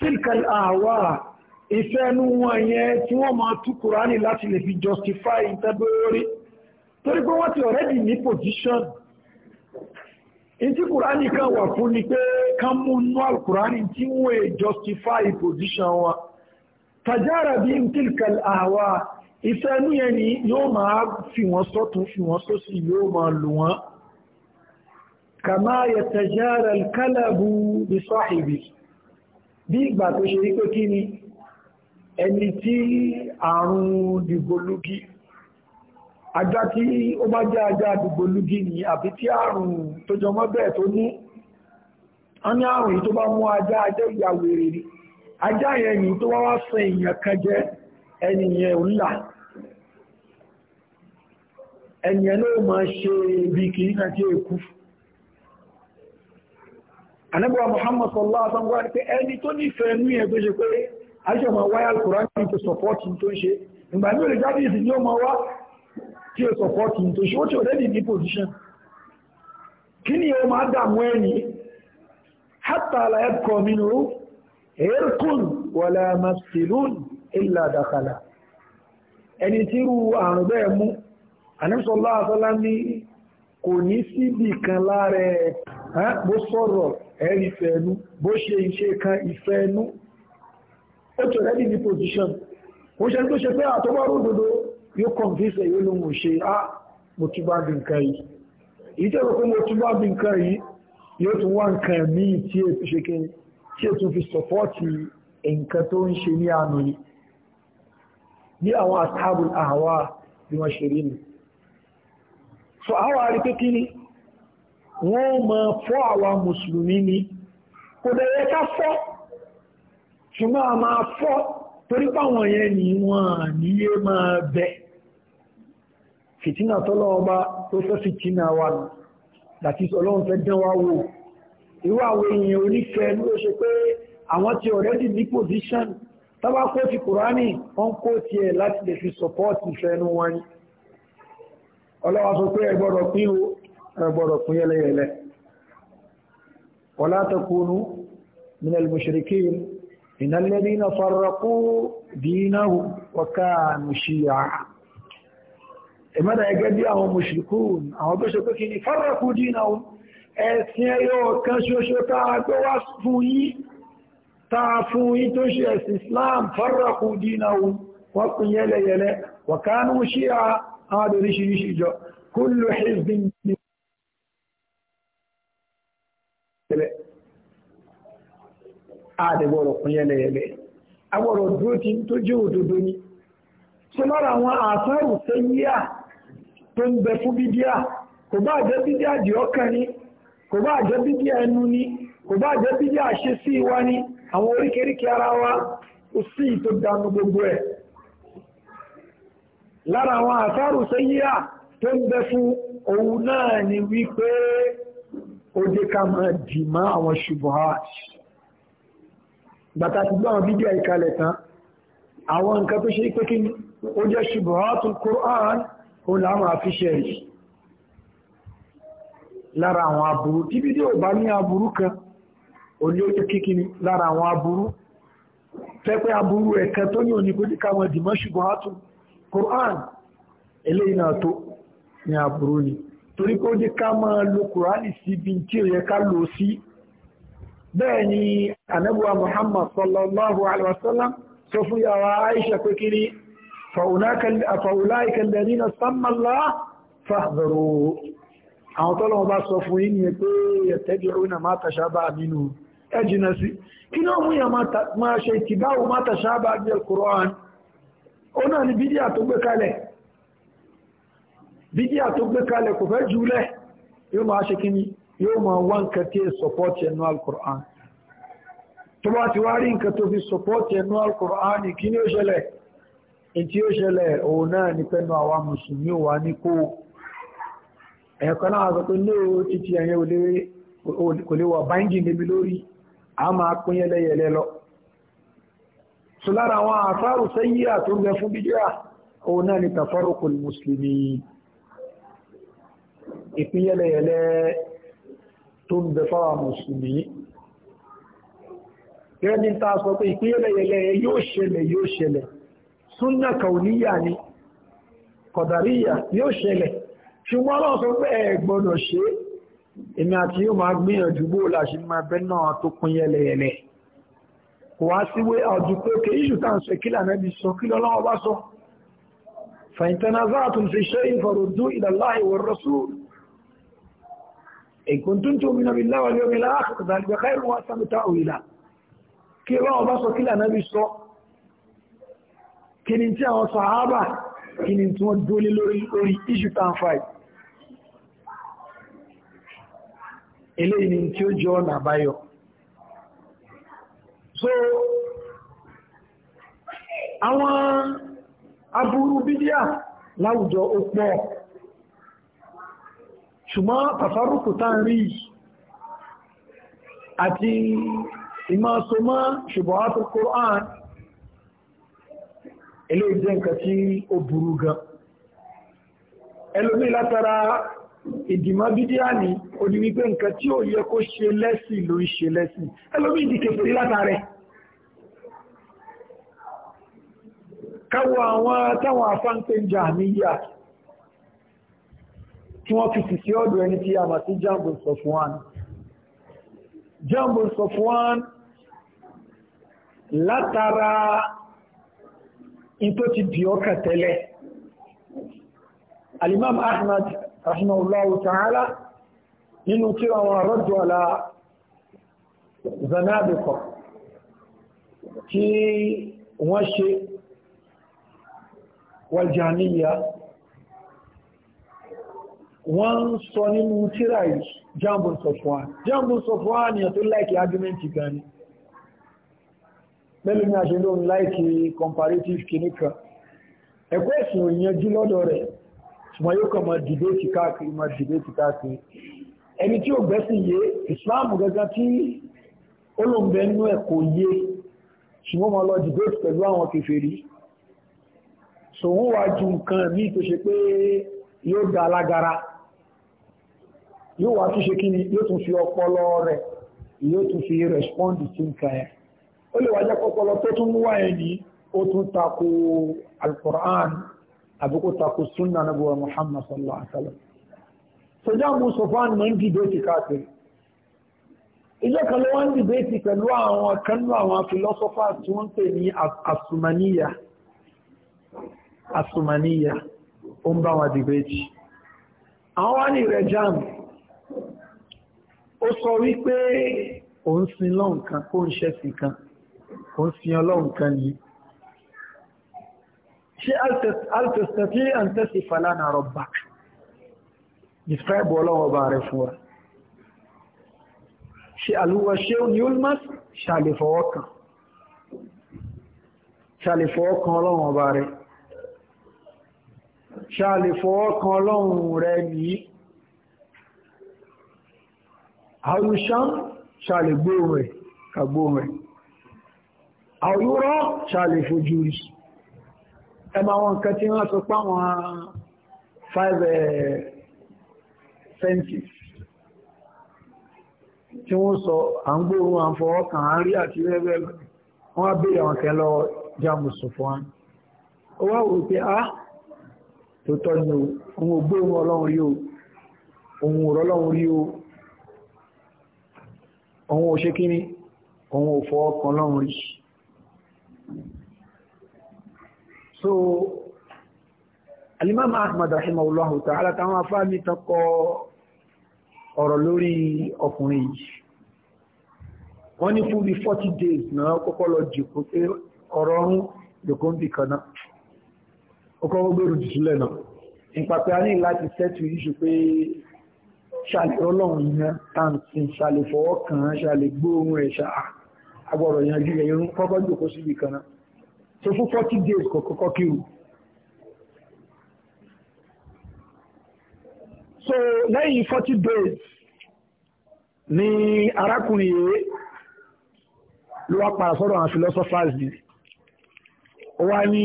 تلك الأهواء ìfẹ́nu wọn yẹn tí wọ́n máa tú kùránì láti lè fi justify ìtẹ́bẹ̀rẹ̀ torí pé wọ́n ti already ní position in tí kùránì kan wà fún ni pé kán mú inú alkùránì tí wọ́n è justify position wọn tajarabihim tilkal ahwa ìfẹ́nu yẹn ni yóò máa fi wọ́n sọ́tún fi wọ́n sósì yóò máa lò wọ́n kàmá yẹ̀tẹ̀jára kálàbù bí sọ́hìbì bí ìgbà tó ṣe wípé kí ni ẹni tí àrùn dìgbòlúgí ajá tí ó bá jẹ́ ajá dìgbòlúgí ni àbí tí àrùn tó jọmọ́ bẹ́ẹ̀ tó ní a ní àrùn yìí tó bá mú ajá ajá ìyàwèrè ni ajá yẹn tó wá sọ èèyàn kan jẹ ẹni yẹn ò ńlà máa ṣe bí kìí náà tí ó kú fún anẹ́bọ̀wà Muhammad sallallahu alaihi wasallam wá pé ẹni tó nífẹ̀ẹ́ ní ẹ̀ tó ṣe pé aṣọ ma wáyà kùránì tó sọpọ́tì tó ṣe ìgbà ní olè jáde ìsìn ní ó ma wá tí ó sọpọ́tì tó ṣe ó tí ó rẹ́dì ní pòsíṣàn kí ni ó máa dàmú ẹni hatta la yabqa minhu irqun wala masilun illa ẹni tí irú àrùn bẹ́ẹ̀ mú anẹ́bọ̀wà sallallahu ní kò ní síbì kan lára ẹ̀ bó sọ̀rọ̀ ẹ̀rí ìfẹ́ ẹnu bó ṣe iṣẹ́ kan ìfẹ́ ẹnu ó tó rẹ́dì ní position ó ṣe tó ṣe pé àtọ́wọ́rò òdodo yóò convince yóò ló mú ṣe á ah, mo tún bá bí nǹkan yìí èyí tẹ́lọ pé mo tún bá bí nǹkan yìí yóò tún wá nǹkan míì tí ètò ṣe kí tí ètò fi sọ̀pọ́ọ̀tì nǹkan tó ń ṣe ní àná yìí ní àwọn àtàbùn àwa bí wọ́n ṣe rí nìyí so àwọn àrí kí ni wọ́n mọ̀ fọ́ àwa mùsùlùmí ni kò dẹ̀yẹ ká fọ́ ṣùgbọ́n a máa fọ́ torí páwọn yẹn ni wọ́n níye máa bẹ̀ fìtínà tọ́lọ́ ọba tó fẹ́ fìtínà wa nù dàtí ọlọ́run fẹ́ dán wa wò irú àwọn èèyàn onífẹ́ ló ṣe pé àwọn ti already ní position tábà kó ti kùránì wọ́n kó tiẹ̀ láti lè fi support ìfẹ́ nu wọn ni ọlọ́wà sọ pé ẹgbọ́dọ̀ pín o ẹgbọ́dọ̀ pín yẹlẹyẹlẹ wala takunu minal mushrikin innal ladhina farraqu dinahum wa kanu shiya'a ìmọ́dà ẹgẹ́ bí àwọn mushrikun àwọn tó ṣe pé kí ni farraqu dinahum ẹ̀sìn ẹyọ kan ṣoṣo tá gbé wá fún yín tá fún yín tó ṣe ẹ̀sìn Islam farraqu dinahum wọ́n pín yẹlẹyẹlẹ wa àwọn àdóríṣiríṣi jọ kó lò hezbin ní a àdẹ̀gbọ̀rọ̀ fún yẹlẹ̀yẹlẹ̀ agbọ̀rọ̀ dúró ti tó jẹ́ òdodo ni tí lọ́rọ̀ àwọn àtàrù sẹ́yíyà tó ń bẹ fún bídíà kò bá jẹ́ bídíà di ọkàn ni kò bá jẹ́ bídíà ẹnu ni kò bá jẹ́ bídíà wa ni àwọn oríkèríkè ara wa ó sì tó gbogbo ẹ̀ lára àwọn àtàrù sẹ́yíà tó ń bẹ fún òun náà ni wípé ó dé ká máa dì mọ́ àwọn ṣubuhat bàtà ti gbọ́ àwọn fídíò ìkalẹ̀ tán àwọn nǹkan tó ṣe pé kí ó jẹ́ ṣubuhatul Qur'an ó láwọn àfiṣẹ́ rí lára àwọn aburú tí fídíò bá ní aburú kan ó ní ó tó kíkiri lára àwọn aburú fẹ́ pé aburú ẹ̀kan tó ní òní kó dé ká máa dì mọ́ ṣubuhatul Qur'an Quran eléyìí náà tó ní àbúrú ni torí pé ó jẹ́ ká máa lo Quran síbi tí ó yẹ ká lò sí bẹ́ẹ̀ ni anábùwà Muhammad sallallahu alaihi wasallam sọ fún yàrá Aisha pé kiri fàúláìkà lẹ́rìnà sánmàlá fàbẹ̀rọ àwọn tọ́lọ̀ bá sọ fún yí ni pé ẹ̀tẹ́bí orína máa tàṣàbà nínú ẹjìnà sí kí náà mú yà máa ṣe ìtìbáwò máa tàṣàbà bí al-Qur'an ó náà ni bídíà tó gbé kalẹ̀ bídíà tó gbé kalẹ̀ kò fẹ́ jùlẹ̀ yóò máa ṣe kí ni yóò máa wá nǹkan tí è sọpọ́tì ẹnu al-Qur'an tó bá ti wá rí nǹkan tó fi sọpọ́tì ẹnu al-Qur'an kí ni ó ṣẹlẹ̀ èyí tí ó ṣẹlẹ̀ òun náà ni pẹ́nu àwa mùsùlùmí wà ní kó ẹ̀ẹ̀kan náà sọ pé ní o títí ẹ̀yẹ kò lè wà báńgì níbi lórí a máa pín yẹlẹyẹlẹ lọ so lára àwọn àfáàrù sẹ́yíyà tó ń bẹ fún bídíà òun náà ni tafarukul muslimi ìpínyẹlẹyẹlẹ tó ń bẹ fáwà musulmi gẹ́gẹ́ bí ta sọ pé ìpínyẹlẹyẹlẹ yóò ṣẹlẹ̀ yóò ṣẹlẹ̀ súnnà kàuníyà ni kọ̀dàríyà yóò ṣẹlẹ̀ ṣùgbọ́n lọ́wọ́ sọ pé ẹ gbọ́dọ̀ ṣe èmi àti yóò máa gbìyànjú bóòlà ṣe máa bẹ́ náà tó pín kò wá sí wé àdúgbò kí iṣu tá ń sọ kí lànàbí sọ kí lọ́lọ́wọ́ bá sọ fàìntànàzáàtùn fi ṣe ìfọ̀rọ̀dú ìlàláhì wọ rọ́súl ìkùntúntù mìíràn ìláwà ní omi láàkùn ìdàlùgbẹ̀ káìrùn wá sáàmìta òyìnlá kí lọ́wọ́ tí ó jọ ọ̀nà àbáyọ̀ so àwọn aburú bídíà láwùjọ ó pọ̀ ṣùgbọ́n tàfàrùkù tá ń rí àti ìmọ̀sọmọ́ ṣùgbọ́n àti Qur'an eléyìí jẹ́ nǹkan tí ó burú gan ẹlòmí látara ìdìmọ́ bídíà ní òní wípé nǹkan tí ó yẹ kó ṣe lẹ́sìn ló ń ṣe lẹ́sìn ẹlòmí ìdíkẹ̀ sí látàrẹ káwọ àwọn táwọn afánpéjà níyà tí wọ́n fi sì sí ọ̀dọ̀ ẹni tí a mà sí jambo sọfwan jambo sọfwan látara in tó ti dìọ́kà tẹ́lẹ̀ alimam ahmad rahimahullahu ta'ala nínú tí àwọn rọ́jù ala zanadika tí wọ́n ṣe waljaniya wọ́n sọ nínú tíra yìí jambun sọfọ́n jambun sọfọ́n ni tó láìkì argumenti gani pẹ̀lú ní àṣẹ lóun láìkì comparative kìníkà ẹ̀kọ́ ẹ̀sùn òyìnjú lọ́dọ̀ rẹ̀ ṣùgbọ́n yóò kàn máa dìbéètì káàkiri máa dìbéètì káàkiri ẹni tí ò gbẹ́sìn yé ìsìláàmù gẹ́gẹ́ tí olóńgbẹ nú ẹ̀ kò yé ṣùgbọ́n máa lọ dìbéètì pẹ̀lú àwọn kèfèrí sòun wá ju nǹkan míì tó ṣe pé yóò da alágara yóò wá tún ṣe kí ni yóò tún fi ọpọlọ rẹ̀ yóò tún fi rẹ̀spọ́ndì sí nǹkan ẹ̀ ó lè wá jẹ́ pọpọlọ tó tún mú wáyé ní ó tún tako alukur'an àbíkó takò súnà nàbùwà Muhammad sallallahu alaihi wa sallam sọjá mu sọfán máa ń dìbò ti káàkiri ilé kan ló wá ń dìbò ti pẹ̀lú àwọn kanú àwọn philosophers tí wọ́n ń pè ní asumaniya asumaniya ó ń bá wọn dìbò ti àwọn wá ní rẹ̀ jáàmù ó sọ wípé òun sin lọ́nkan kó ń ṣẹ́sìn kan òun sin ọlọ́nkan yìí ṣé altestati an tẹ́sí falana rabbak describe ọlọ́wọ́ bá rẹ̀ fún wa ṣe àlúwà ṣeun yulmas ṣàlẹ̀fọwọ́kan ṣàlẹ̀fọwọ́kan ọlọ́wọ́ bá rẹ̀ ṣàlẹ̀fọwọ́kan ọlọ́run rẹ̀ ní àrùṣán ṣàlẹ̀gbóhùn rẹ̀ kàgbóhùn rẹ̀ àrùrọ̀ ṣàlẹ̀fojúrí ẹmọ àwọn nǹkan tí wọ́n sọ pá wọn five eh, senses tí wọ́n sọ à ń gbóòrùn àfọwọ́kàn à ń rí àti rẹ́rẹ́ wọ́n á bèèrè àwọn kẹ lọ jámùsùn fún wọn ó wá wò pé á tó tọ́ ni o òun ò gbóòrùn ọlọ́run rí o òun ò rọ́lọ́run rí o òun ò ṣe kíní òun ò fọwọ́kàn ọlọ́run rí so alimam ahmad rahimahullahu ta'ala táwọn afáàmì tán kọ ọ̀rọ̀ lórí ọkùnrin yìí wọ́n ní fún bí 40 days náà kọ́kọ́ lọ jùkú pé ọ̀rọ̀ ọ̀run lòkó ń bì kan náà ó kọ́ gbogbo rùjù sílẹ̀ náà ìpàpẹ́ a ní láti sẹ́tù ìṣù pé ṣàlẹ̀ ọlọ́run yẹn tàǹtì ṣàlẹ̀ fọwọ́ kàn ṣàlẹ̀ gbóòórùn ẹ̀ agbọ̀rọ̀ yanjú ẹ̀ irun kọ́kọ́ jùkú síbi kan náà so fún forty days kò kọ́kọ́ kírun. so lẹ́yìn forty days ni arákùnrin yìí ló wá para sọ́dọ̀ àwọn philosophers ni ó wá ní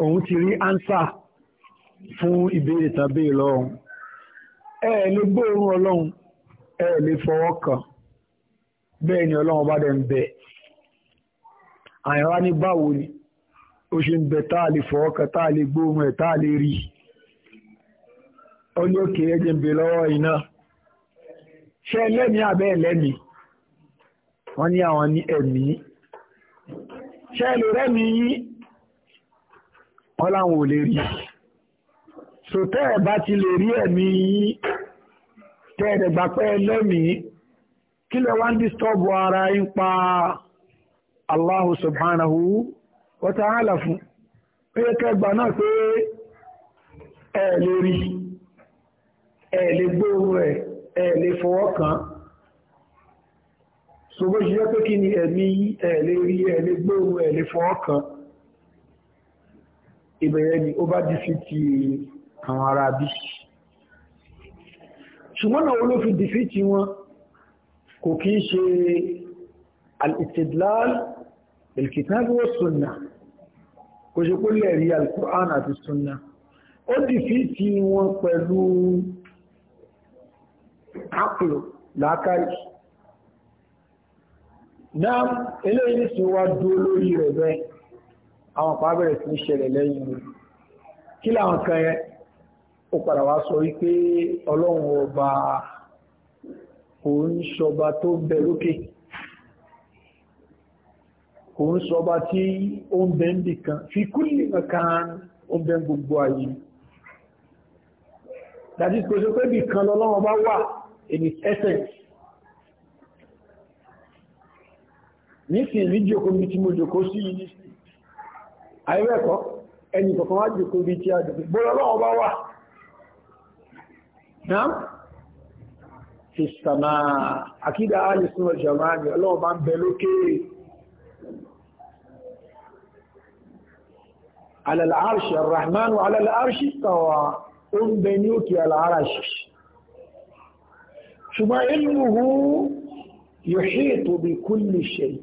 òun ti rí ánsà fún ìbéèrè tàbí ìlọrun ẹ ẹ lè gbóòórùn ọlọ́run ẹ ẹ lè fọwọ́ kàn bẹ́ẹ̀ ni ọlọ́run bá dẹ̀ ń bẹ̀ẹ́ àyàwá ní báwo ni ó ṣe ń bẹ táà lè fọ́ọ́kà táà lè gbóhùn ẹ̀ táà lè rí ó ní òkè ẹjẹ́ ń bè lọ́wọ́ iná ṣe lẹ́mí àbẹ́ ẹ̀lẹ́mí wọ́n ní àwọn ní ẹ̀mí ṣe lè rẹ́mí yí wọ́n láwọn ò lè rí sòtẹ́ ẹ̀ bá ti lè rí ẹ̀mí yí tẹ́ ẹ̀dẹ̀gbàpẹ́ ẹlẹ́mí kí lẹ wá ń distọ́bù ara yín pa á Allahu subhanahu wa ta'ala fún pé kẹgbà náà pé ẹ lè rí ẹ lè gbóòrò ẹ ẹ lè fọwọ́ kàn so bó ṣe yẹ pé kí ni ẹ̀mí ẹ lè rí ẹ lè gbóòrò ẹ lè fọwọ́ kàn ìbẹ̀rẹ̀ ni ó bá di sí ti àwọn ará bí ṣùgbọ́n náà ló fi dìfíìtì wọn kò kí ń ṣe al-istidlal الكتاب والسنة kòṣe kó lè rí alkùrán àti súnná ó dì fi ti wọn pẹ̀lú àpùlù lákàrí náà eléyìí ní sí wá dúó lórí rẹ̀ bẹ́ẹ̀ àwọn pàábẹ̀rẹ̀ sí ṣẹlẹ̀ lẹ́yìn rẹ̀ kí láwọn kan yẹn ó padà wá sọ wípé ọlọ́run ọba kò ń ṣọba tó bẹ lókè okay òun sọba tí ó ń bẹ ń bì kan fi kúlì kan ó ń bẹ gbogbo ayé dàbí kò sí pé bì kan lọ́lọ́wọ́ bá wà in essence nísìnyí ní jòkó bí tí mo jòkó sí yìí àìrẹ́kọ́ ẹni kọ̀kan wá jòkó bí tí a jòkó bóra lọ́wọ́ bá wà náà fi sàmà àkídà alìsún ọjọ́ máa ní ọlọ́wọ́ bá ń bẹ lókèèrè alàlárṣì rahmanu alàlárṣì tàwà ó ń bẹ ní òkè alàárṣì ṣùgbọ́n ilmuhu yuhitu bi kulli shay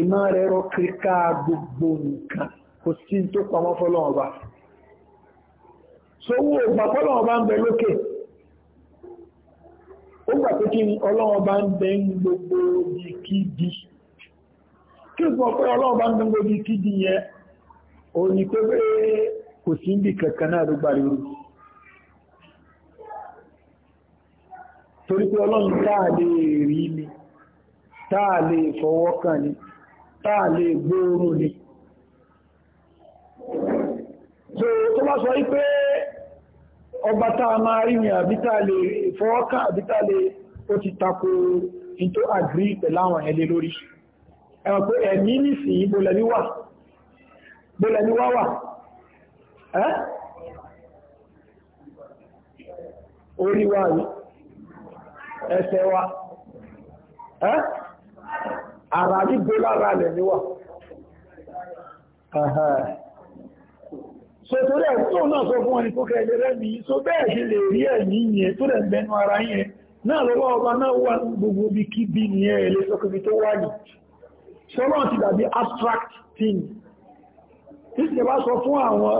ìmá rẹ̀ rọ kíríká gbogbo nǹkan kò sí tó pamọ́ fọ́lọ́ọ̀bá sówó ògbà fọ́lọ́ọ̀bá ń bẹ lókè ó gbà pé kí ni ọlọ́ọ̀bá ń bẹ ń gbogbo ibi kíbi kí ni ọlọ́ọ̀bá ń bẹ ń gbogbo ibi kíbi yẹn ó ní pé pé kankan náà ló gbàlérò torí pé ọlọ́run táà lè rí ni táà lè fọwọ́ kàn ni táà lè ni so tó bá sọ ama ọba táà máa rí ni àbí táà lè fọwọ́ kàn àbí táà lè ó ti tako in tó àgírí pẹ̀láwọn ẹlẹ́ lórí ẹ̀mí nìsìn ìbò lẹ́bí wà gbọ́lẹ̀ ní wá wà ẹ́ orí wa rí ẹsẹ̀ wa ẹ́ ara gbígbó lára rẹ̀ ní wà so torí ẹ̀ tó náà sọ fún ẹni tó kẹ́ẹ̀lẹ́ so bẹ́ẹ̀ ṣe lè rí ẹ̀mí yẹn tó rẹ̀ ń bẹnu ara yẹn náà lọ́wọ́ ọba náà wà gbogbo bí kí bí nìyẹn ẹ̀lẹ́sọ́kùnrin tó wà sọ́lọ́ ti dàbí abstract thing tí ṣe bá sọ fún àwọn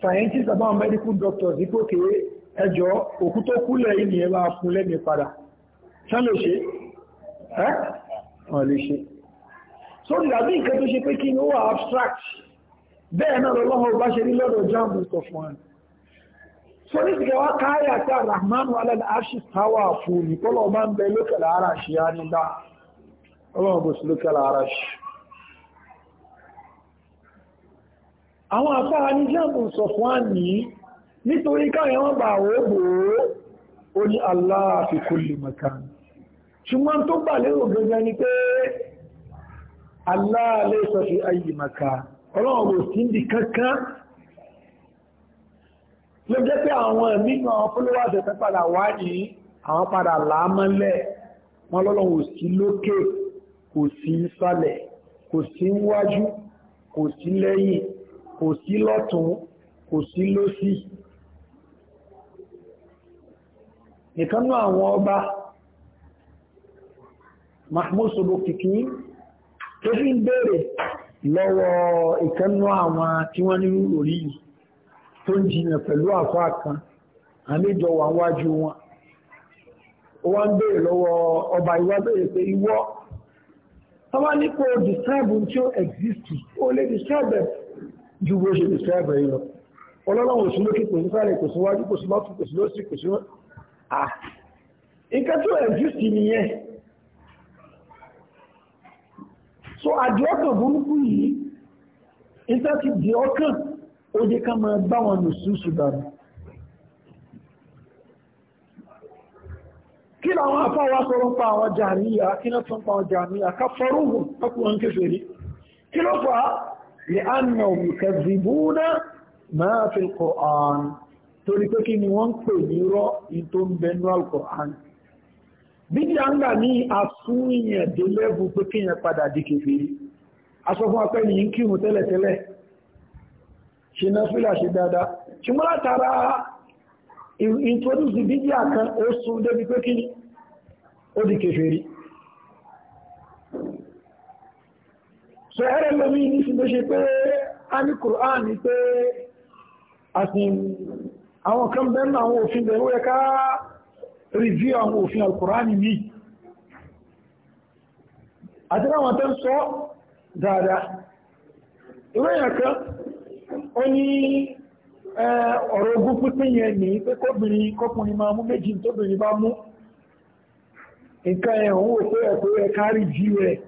scientists about medical doctors ní kókè ẹjọ́ òkú tó kúlẹ̀ ìní ẹ máa fún lẹ́mí padà ṣán lè ṣe ẹ́ wọ́n lè ṣe so ìdàbí nǹkan tó ṣe pé kí ni wà abstract bẹ́ẹ̀ náà lọ́wọ́ bá ṣe ní lọ́dọ̀ jambu sọ fún so ní ṣìkẹ́ wá káyà tí àràmánù alẹ́lẹ́ arṣì power fún ní kọ́lọ̀ bá ń bẹ lókèlà ara ṣe á nígbà ọlọ́run bó sì àwọn àfáà ní islam sọ fún à ní nítorí káyẹ̀ wọ́n bá òòbò ó ní Allah fi kulli makan ṣùgbọ́n tó gbà lérò gẹ́gẹ́ ni pé Allah laysa fi ayyi makan ọlọ́run kò sí níbi kankan ló jẹ́ pé àwọn nínú àwọn followers ẹ̀fẹ́ padà wá ní àwọn padà láàmọ́lẹ̀ wọn lọ́lọ́run kò sí lókè kò sí nísàlẹ̀ kò sí níwájú kò sí lẹ́yìn kò sí lọ́tún kò sí lósì nìkan náà àwọn ọba Mahmud Sobokiki tó fi ń béèrè lọ́wọ́ ìkẹ́nú àwọn tí wọ́n ní orí yìí tó ń jiyàn pẹ̀lú àfáà kan àmìjọ wà wájú wọn ó wá ń béèrè lọ́wọ́ ọba ìwá béèrè pé ìwọ tọ́wá ní kó disturb tí ó exist ó lè disturb ju bó ṣe describe ẹ̀yìn lọ ọlọ́lọ́wọ̀n sí lókè kò sí sáré kò sí wájú kò sí lọ́tún kò sí lọ́sí kò sí wọ́n à nǹkan tó exist nìyẹn so àdìọ́kàn burúkú yìí nǹkan ti di ọkàn ó dé ká máa bá wọn lò sùúsù dànù kí làwọn afáwa sọ̀rọ̀ pa àwọn jàmíyà kí náà tún pa àwọn jàmíyà ká fọrúhùn ọkùnrin kéfèrè kí ló fà á لأنهم يكذبون ما في القرآن torí pé kí ni wọ́n ń pè ní rọ́ in tó ń bẹnu al-Qur'an bí i àǹgbà ní asúnyàn dé lẹ́bù pé kí yẹn padà di kèfèrí aṣọ fún apẹ́ ní kírun tẹ́lẹ̀tẹ́lẹ̀ ṣe náà fílà ṣe dáadáa ṣùgbọ́n látara introduce bí i àkan ó sún débi pé kí ni ó di kèfèrí so ẹ̀rẹ́ lómi ní sí tó ṣe pé a ní Qur'an ní pé àsìn àwọn kan bẹ́ẹ̀nà àwọn òfin bẹ̀rẹ̀ ó ká review àwọn òfin al-Qur'an ní àti láwọn tẹ́ ń sọ dáadáa ìwé yẹn kan ó ní ọ̀rọ̀ ogún pínpín yẹn ní pé kóbìnrin kọkùnrin máa mú méjì tóbìnrin bá mú nǹkan ẹ̀ òun ẹ̀kọ́ ẹ̀ká rí jí rẹ̀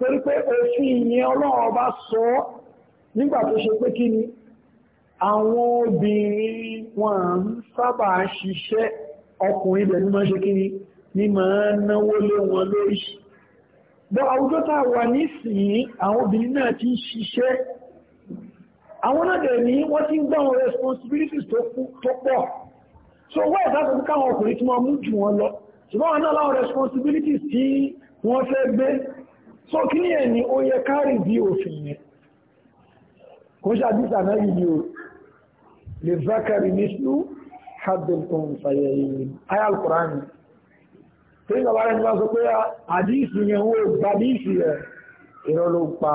torí pé òfin ìyẹn ọlọ́run ọba sọ ọ́ nígbà tó ṣe pé kí ni àwọn obìnrin wọn ń sábà ṣiṣẹ́ ọkùnrin ibẹ̀ ní máa ṣe kí ni ní máa náwó lé wọn lórí bọ́ àwùjọ tá a wà nísìnyí àwọn obìnrin náà ti ń ṣiṣẹ́ àwọn náà ní wọ́n ti ń gbá àwọn responsibilities tó pọ̀ so wọ́n ìdá tó káwọn ọkùnrin tí wọ́n mú jù wọn lọ ṣùgbọ́n wọn náà láwọn responsibilities tí wọ́n fẹ́ gbé so kí ní ẹni ó yẹ káàrí bí òfin yẹn kò ṣàdísà náà yìí o lè zákàrí níṣú hadilton sayẹyìn ayalkurani tó ní bàbá rẹ̀ ní bá sọ pé àdísì yẹn ó gbàdísì rẹ̀ ìrọ̀lọ́ pa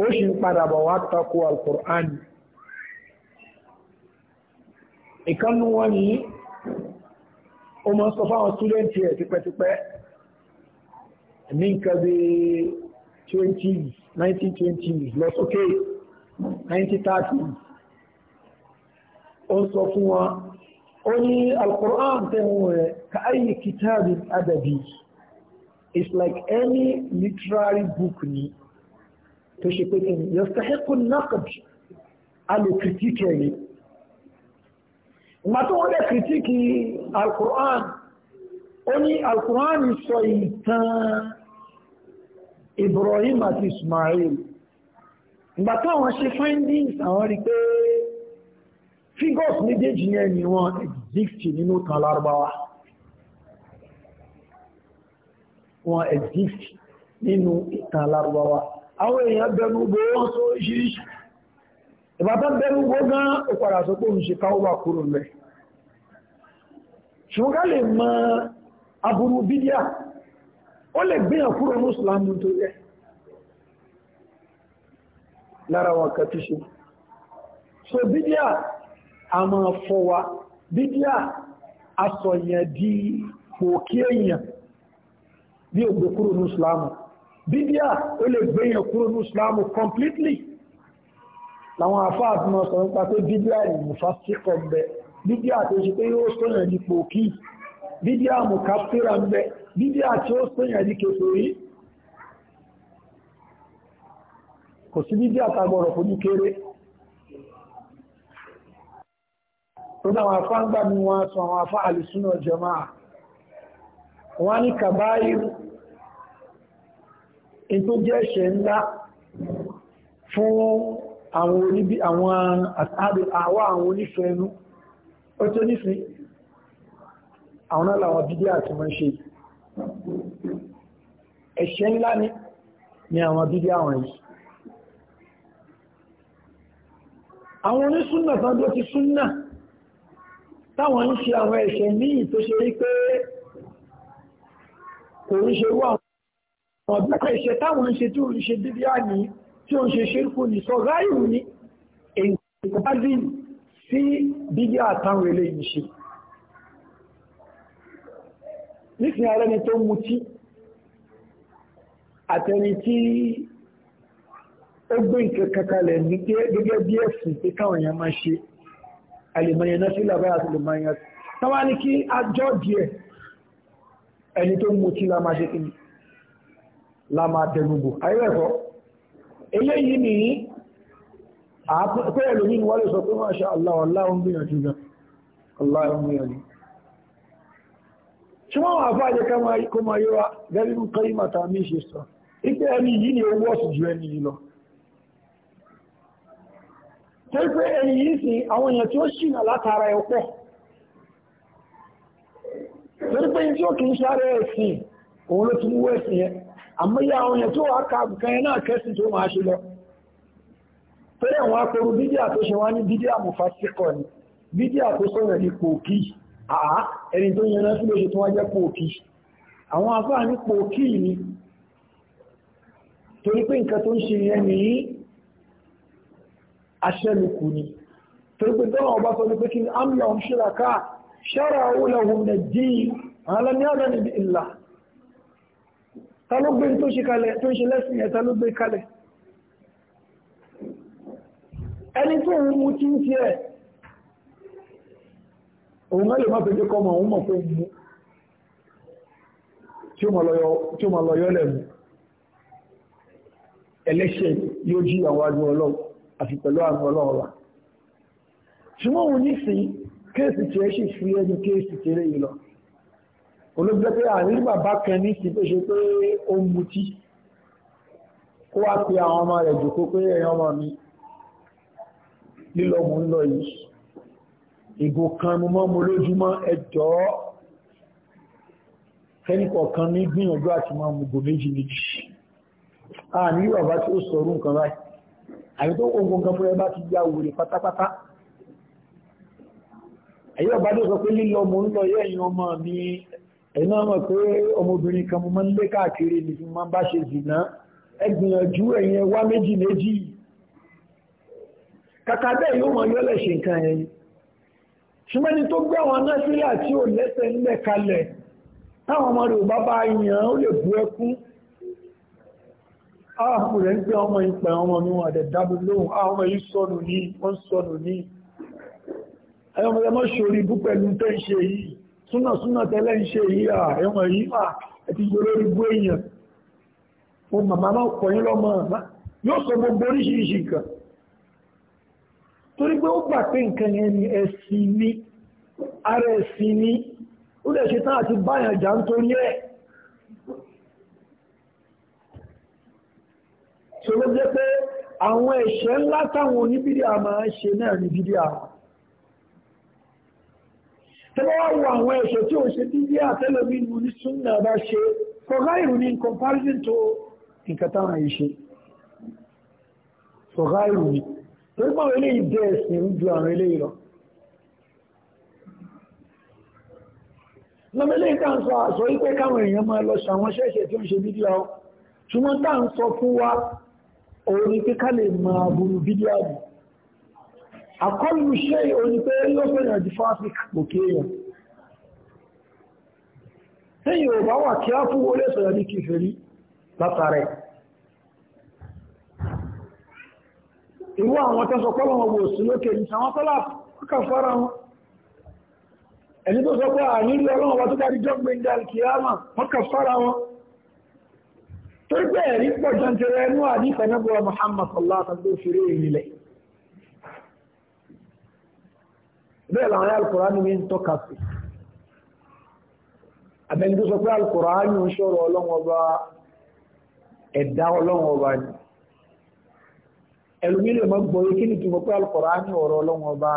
ó sì ń padà bọ̀ wá tako alkurani ìkànnù wọn yìí ó máa ń sọ fáwọn túlẹ̀ntì ẹ̀ tipẹ́tipẹ́ I mean, the 20s, 1920s, lọ sókè 1930s. Ó ń sọ fún wa, o ní Al-Qur'an tẹ́wọ̀n rẹ̀ ka ayé kìtàbí It's like any literary book ni tó ṣe it. You yastahiqu an-naqd, a lè critique ẹ̀yìn. Ìgbà tó wọ́n dẹ̀ critique Al-Qur'an, Only ní Al-Qur'an sọ ìtàn Ibrahim àti Ismail ìgbà táwọn ṣe findings àwọn rí pé figures méjèèjì ní ẹni wọn exist nínú kan lárúbáwá wọn exist nínú ìtàn lárúbáwá àwọn èèyàn bẹnu gbó wọn sọ oríṣiríṣi ìbátá bẹnu gbó gán òpàdà sọ pé òun káwọ́bà kúrò mẹ́ ṣùgbọ́n ká lè mọ aburú bídíà ó lè gbéyàn kúrò ní ìsìlámù tó yẹ lára wọn kan so bídíà a máa fọ́ wa bídíà asọ̀yàn di pòkí èèyàn bí o gbé kúrò ní bídíà ó lè gbéyàn kúrò ní completely làwọn afáà tí wọ́n sọ nípa pé bídíà ìmùfásíkọ̀ bẹ bídíà tó ṣe pé yóò sọ̀yàn di pòkí bídíà mùkàfíra ń bẹ bídíà tí ó sẹ́yàn ní kéferí kò sí bídíà tagbọ̀rọ̀ fojú kéré tó dáwọn afá ń gbà ní wọn sọ àwọn afá àlùsúnà jàmáà wọ́n ní kàbáyìrù in tó jẹ́ ẹ̀ṣẹ̀ ńlá fún àwọn oníbí àwọn àtàbí àwọn ó tó nífẹ́ àwọn náà làwọn bídíà tí wọ́n ṣe ẹ̀ṣẹ̀ ńlá ni ni àwọn bídíà wọ̀nyí àwọn onísúnnà tán tó ti súnnà táwọn ń ṣe àwọn ẹ̀ṣẹ̀ míì tó ṣe rí pé kò ń ṣe wà wọ́n bí kọ́ ìṣẹ́ táwọn ń ṣe tí ó ń ṣe bídíà ní tí ó ń ṣe ṣírkù sí bídíà táwọn eléyìí ṣe nísìn ara ẹni tó mutí àtẹni tí ó gbé nǹkan kankalẹ̀ gẹ́gẹ́ bí ẹ̀sìn pé káwọn èèyàn máa ṣe àlèmọ̀yẹ náà sí làbáyà àti táwa ní kí ajọ́ díẹ̀ ẹni tó mutí la máa ṣe kí ni la máa dẹnubò ayẹ́rẹ́kọ́ eléyìí nìyí àpẹẹrẹ lómi ni wọ́n lè sọ pé máa ṣe aláwọ̀ aláwọ̀ ń gbìyànjú náà aláwọ̀ ń gbìyànjú ṣùgbọ́n wà fà jẹ́ kó máa yíra gẹ́rí ń kọ́ ìmọ̀ta mí ṣe sọ ipé ẹni yìí ni owó ọ̀sùn jù ẹni yìí lọ tó pé ẹni yìí sí àwọn èèyàn tí ó ṣìnà látara ẹ̀ pọ̀ torí pé tí ó kìí sáré ẹ̀sìn òun ló ti mú ẹ̀sìn yẹn àmọ́ yá àwọn èèyàn tó wà ká kan yẹn náà kẹ́sìn tó máa ṣe lọ torí ni bídíà tó sọ̀rọ̀ àá ẹni tó yẹn rántí lóṣù tó wá jẹ́ pòkì àwọn afáà ní pòkì ni torí pé nǹkan tó ń ṣe yẹn ní aṣẹ́lùkù ni torí pé tọ́nà ọba sọ pé kí ni amla ọ̀hún ṣíraka ṣára owó lẹ́hùn nàìjíríì àwọn alámi àdá níbi ìlà ta ló gbé tó ń ṣe lẹ́sìn yẹn ta ló gbé kalẹ̀ ẹni tó ń mú tí ń tiẹ̀ òun náà lè má fi jẹ́ kọ́mọ òun mọ̀ pé mú tí ó mọ̀ lọ́yọ́ lẹ́nu ẹlẹ́ṣẹ̀ yóò jí àwọn ajú ọlọ́run àti pẹ̀lú àwọn ọlọ́run wa ṣùgbọ́n òun nísìn kéèsì tí ẹ sì fi ẹni kéèsì kéré yìí lọ olóògbé pé àrírí bàbá kan nísìn tó ṣe pé ó ń mutí kó wá pe àwọn ọmọ rẹ̀ jòkó pé ẹ̀yàn ọmọ mi lílọ ń lọ yìí ìgò kan mú mọ́ mú lójúmọ́ ẹjọ́ kẹ́nìkọ̀ kan ní gbìyànjú àti máa mú gò méjì méjì a ní bàbá tí ó sọ̀rọ̀ nǹkan báyìí àyè tó kó nǹkan fún ẹ ti ya wèrè pátápátá àyè bàbá tó sọ pé lílọ mò ń lọ yẹ ẹ̀yin ọmọ mi ẹ̀yin náà mọ̀ pé ọmọbìnrin kan mo máa ń lé káàkiri ni mo máa ń bá ṣe zìnà ẹ gbìyànjú ẹ̀yin ẹ wá méjì méjì kàkà bẹ́ẹ̀ yóò mọ yọ́lẹ̀ ṣe nǹkan ẹ̀yìn ṣùgbọ́n ni tó gbé àwọn náfílà tí ò lẹ́sẹ̀ ńlẹ̀ kalẹ̀ táwọn ọmọ rẹ̀ ò bá bá yàn ó lè bú ẹkún àwọn ah, rẹ̀ ń gbé ọmọ ìpẹ̀ ọmọ mi wọn àdẹ̀ dábí lóhùn àwọn ah, ọmọ yìí sọnù ní wọ́n sọnù ní ẹ̀yọ́ mọ̀ lẹ́mọ́ ṣorí bú pẹ̀lú tẹ́ ń ṣe yìí súnà súnà torí pé ó gbà pé nǹkan yẹn ni ẹ̀sìn ní ara ẹ̀sìn ní ó lè ṣe tán àti báyàn jà ń torí ẹ̀ tó ló jẹ́ pé àwọn ẹ̀ṣẹ̀ ńlá táwọn oníbídíà máa ń ṣe náà ní bídíà tẹ́lẹ̀ wá wo àwọn ẹ̀ṣẹ̀ tí ò ṣe bídíà tẹ́lẹ̀ mi nù ní súnà bá ṣe kọ̀ọ̀gá ìrù ní comparison to nǹkan táwọn yìí ṣe kọ̀ọ̀gá ìrù ní torí pé àwọn eléyìí jẹ́ ẹ̀sìn ju àwọn eléyìí lọ. lọ́mọ eléyìí tá ń sọ àṣọ wípé káwọn èèyàn máa lọ ṣe tí ó ń ṣe fídíò ọ ṣùgbọ́n tá ń sọ fún wa òun ni pé ká lè máa burú fídíò àbù àkọlù ṣe òun pé yóò fẹ́ràn ju irú àwọn tẹ́sọ pọ́lọ̀ wọn wò sí lókè ní àwọn tọ́lá kọ́kà fọ́ra wọn ẹni tó sọ pé àníri ọlọ́run wa tó dárí jọ́gbé ń dárí kìíyàmà kọ́kà fọ́ra wọn tó gbé ẹ̀rí pọ̀ jẹntẹrẹ ẹnu àdífẹ́ nẹ́bùwa Muhammad sallallahu alaihi wasallam fi ẹlòmí lè mọ́ gbọ́ kí ni túmọ̀ pé Al-Qur'ani ọ̀rọ̀ Ọlọ́run ọba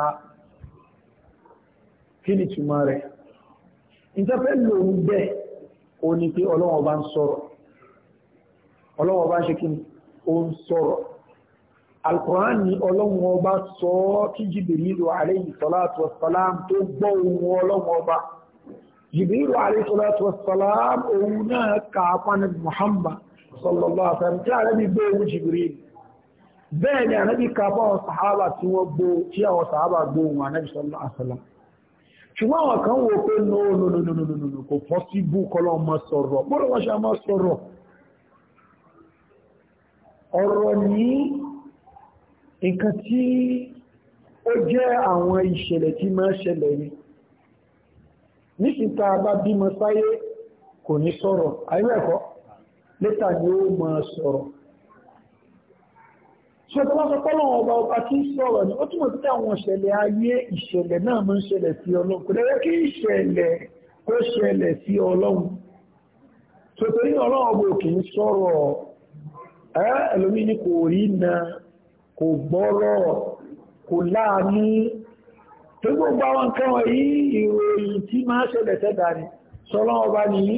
kí ni túmọ̀ rẹ̀ ìtafẹ́ lòun bẹ́ o ní pé Ọlọ́run ọba ń sọ̀rọ̀ Ọlọ́run ọba ń ṣe kí ni ó ń sọ̀rọ̀ Al-Qur'ani Ọlọ́run ọba sọ ọ́ kí Jibrilu alayhi salatu wassalam tó gbọ́ ohun Ọlọ́run ọba Jibrilu alayhi salatu wassalam òun náà kà á pánà bẹ́ẹ̀ ni ànábì ka báwọn tí wọ́n gbó tí àwọn sàhábà gbó wọn ànábì sọ́lá àṣàlá ṣùgbọ́n àwọn kan wò pé no kò pọ́síbù kọ́lọ́ ọmọ sọ̀rọ̀ bọ́dọ̀ wọ́n ṣe máa sọ̀rọ̀ ọ̀rọ̀ ní nǹkan tí ó jẹ́ àwọn ìṣẹ̀lẹ̀ tí máa ṣẹlẹ̀ ni ni ó máa sọ̀rọ̀ ṣe tó wá sọ pé ọlọ́run ọba ọba tí ń sọ̀rọ̀ ni ó túmọ̀ sí àwọn ìṣẹ̀lẹ̀ ayé ìṣẹ̀lẹ̀ náà máa ń ṣẹlẹ̀ sí ọlọ́run kò dẹ́rẹ́ kí ìṣẹ̀lẹ̀ ó ṣẹlẹ̀ sí ọlọ́run tòtòrí ọlọ́run ọba òkè ń sọ̀rọ̀ ẹ́ ẹlòmíín ni kò rí na kò gbọ́rọ̀ kò láàánú tó gbogbo àwọn nǹkan wọ̀nyí ìròyìn tí máa ṣẹlẹ̀ sẹ́dá ni sọlọ́run ọba nìyí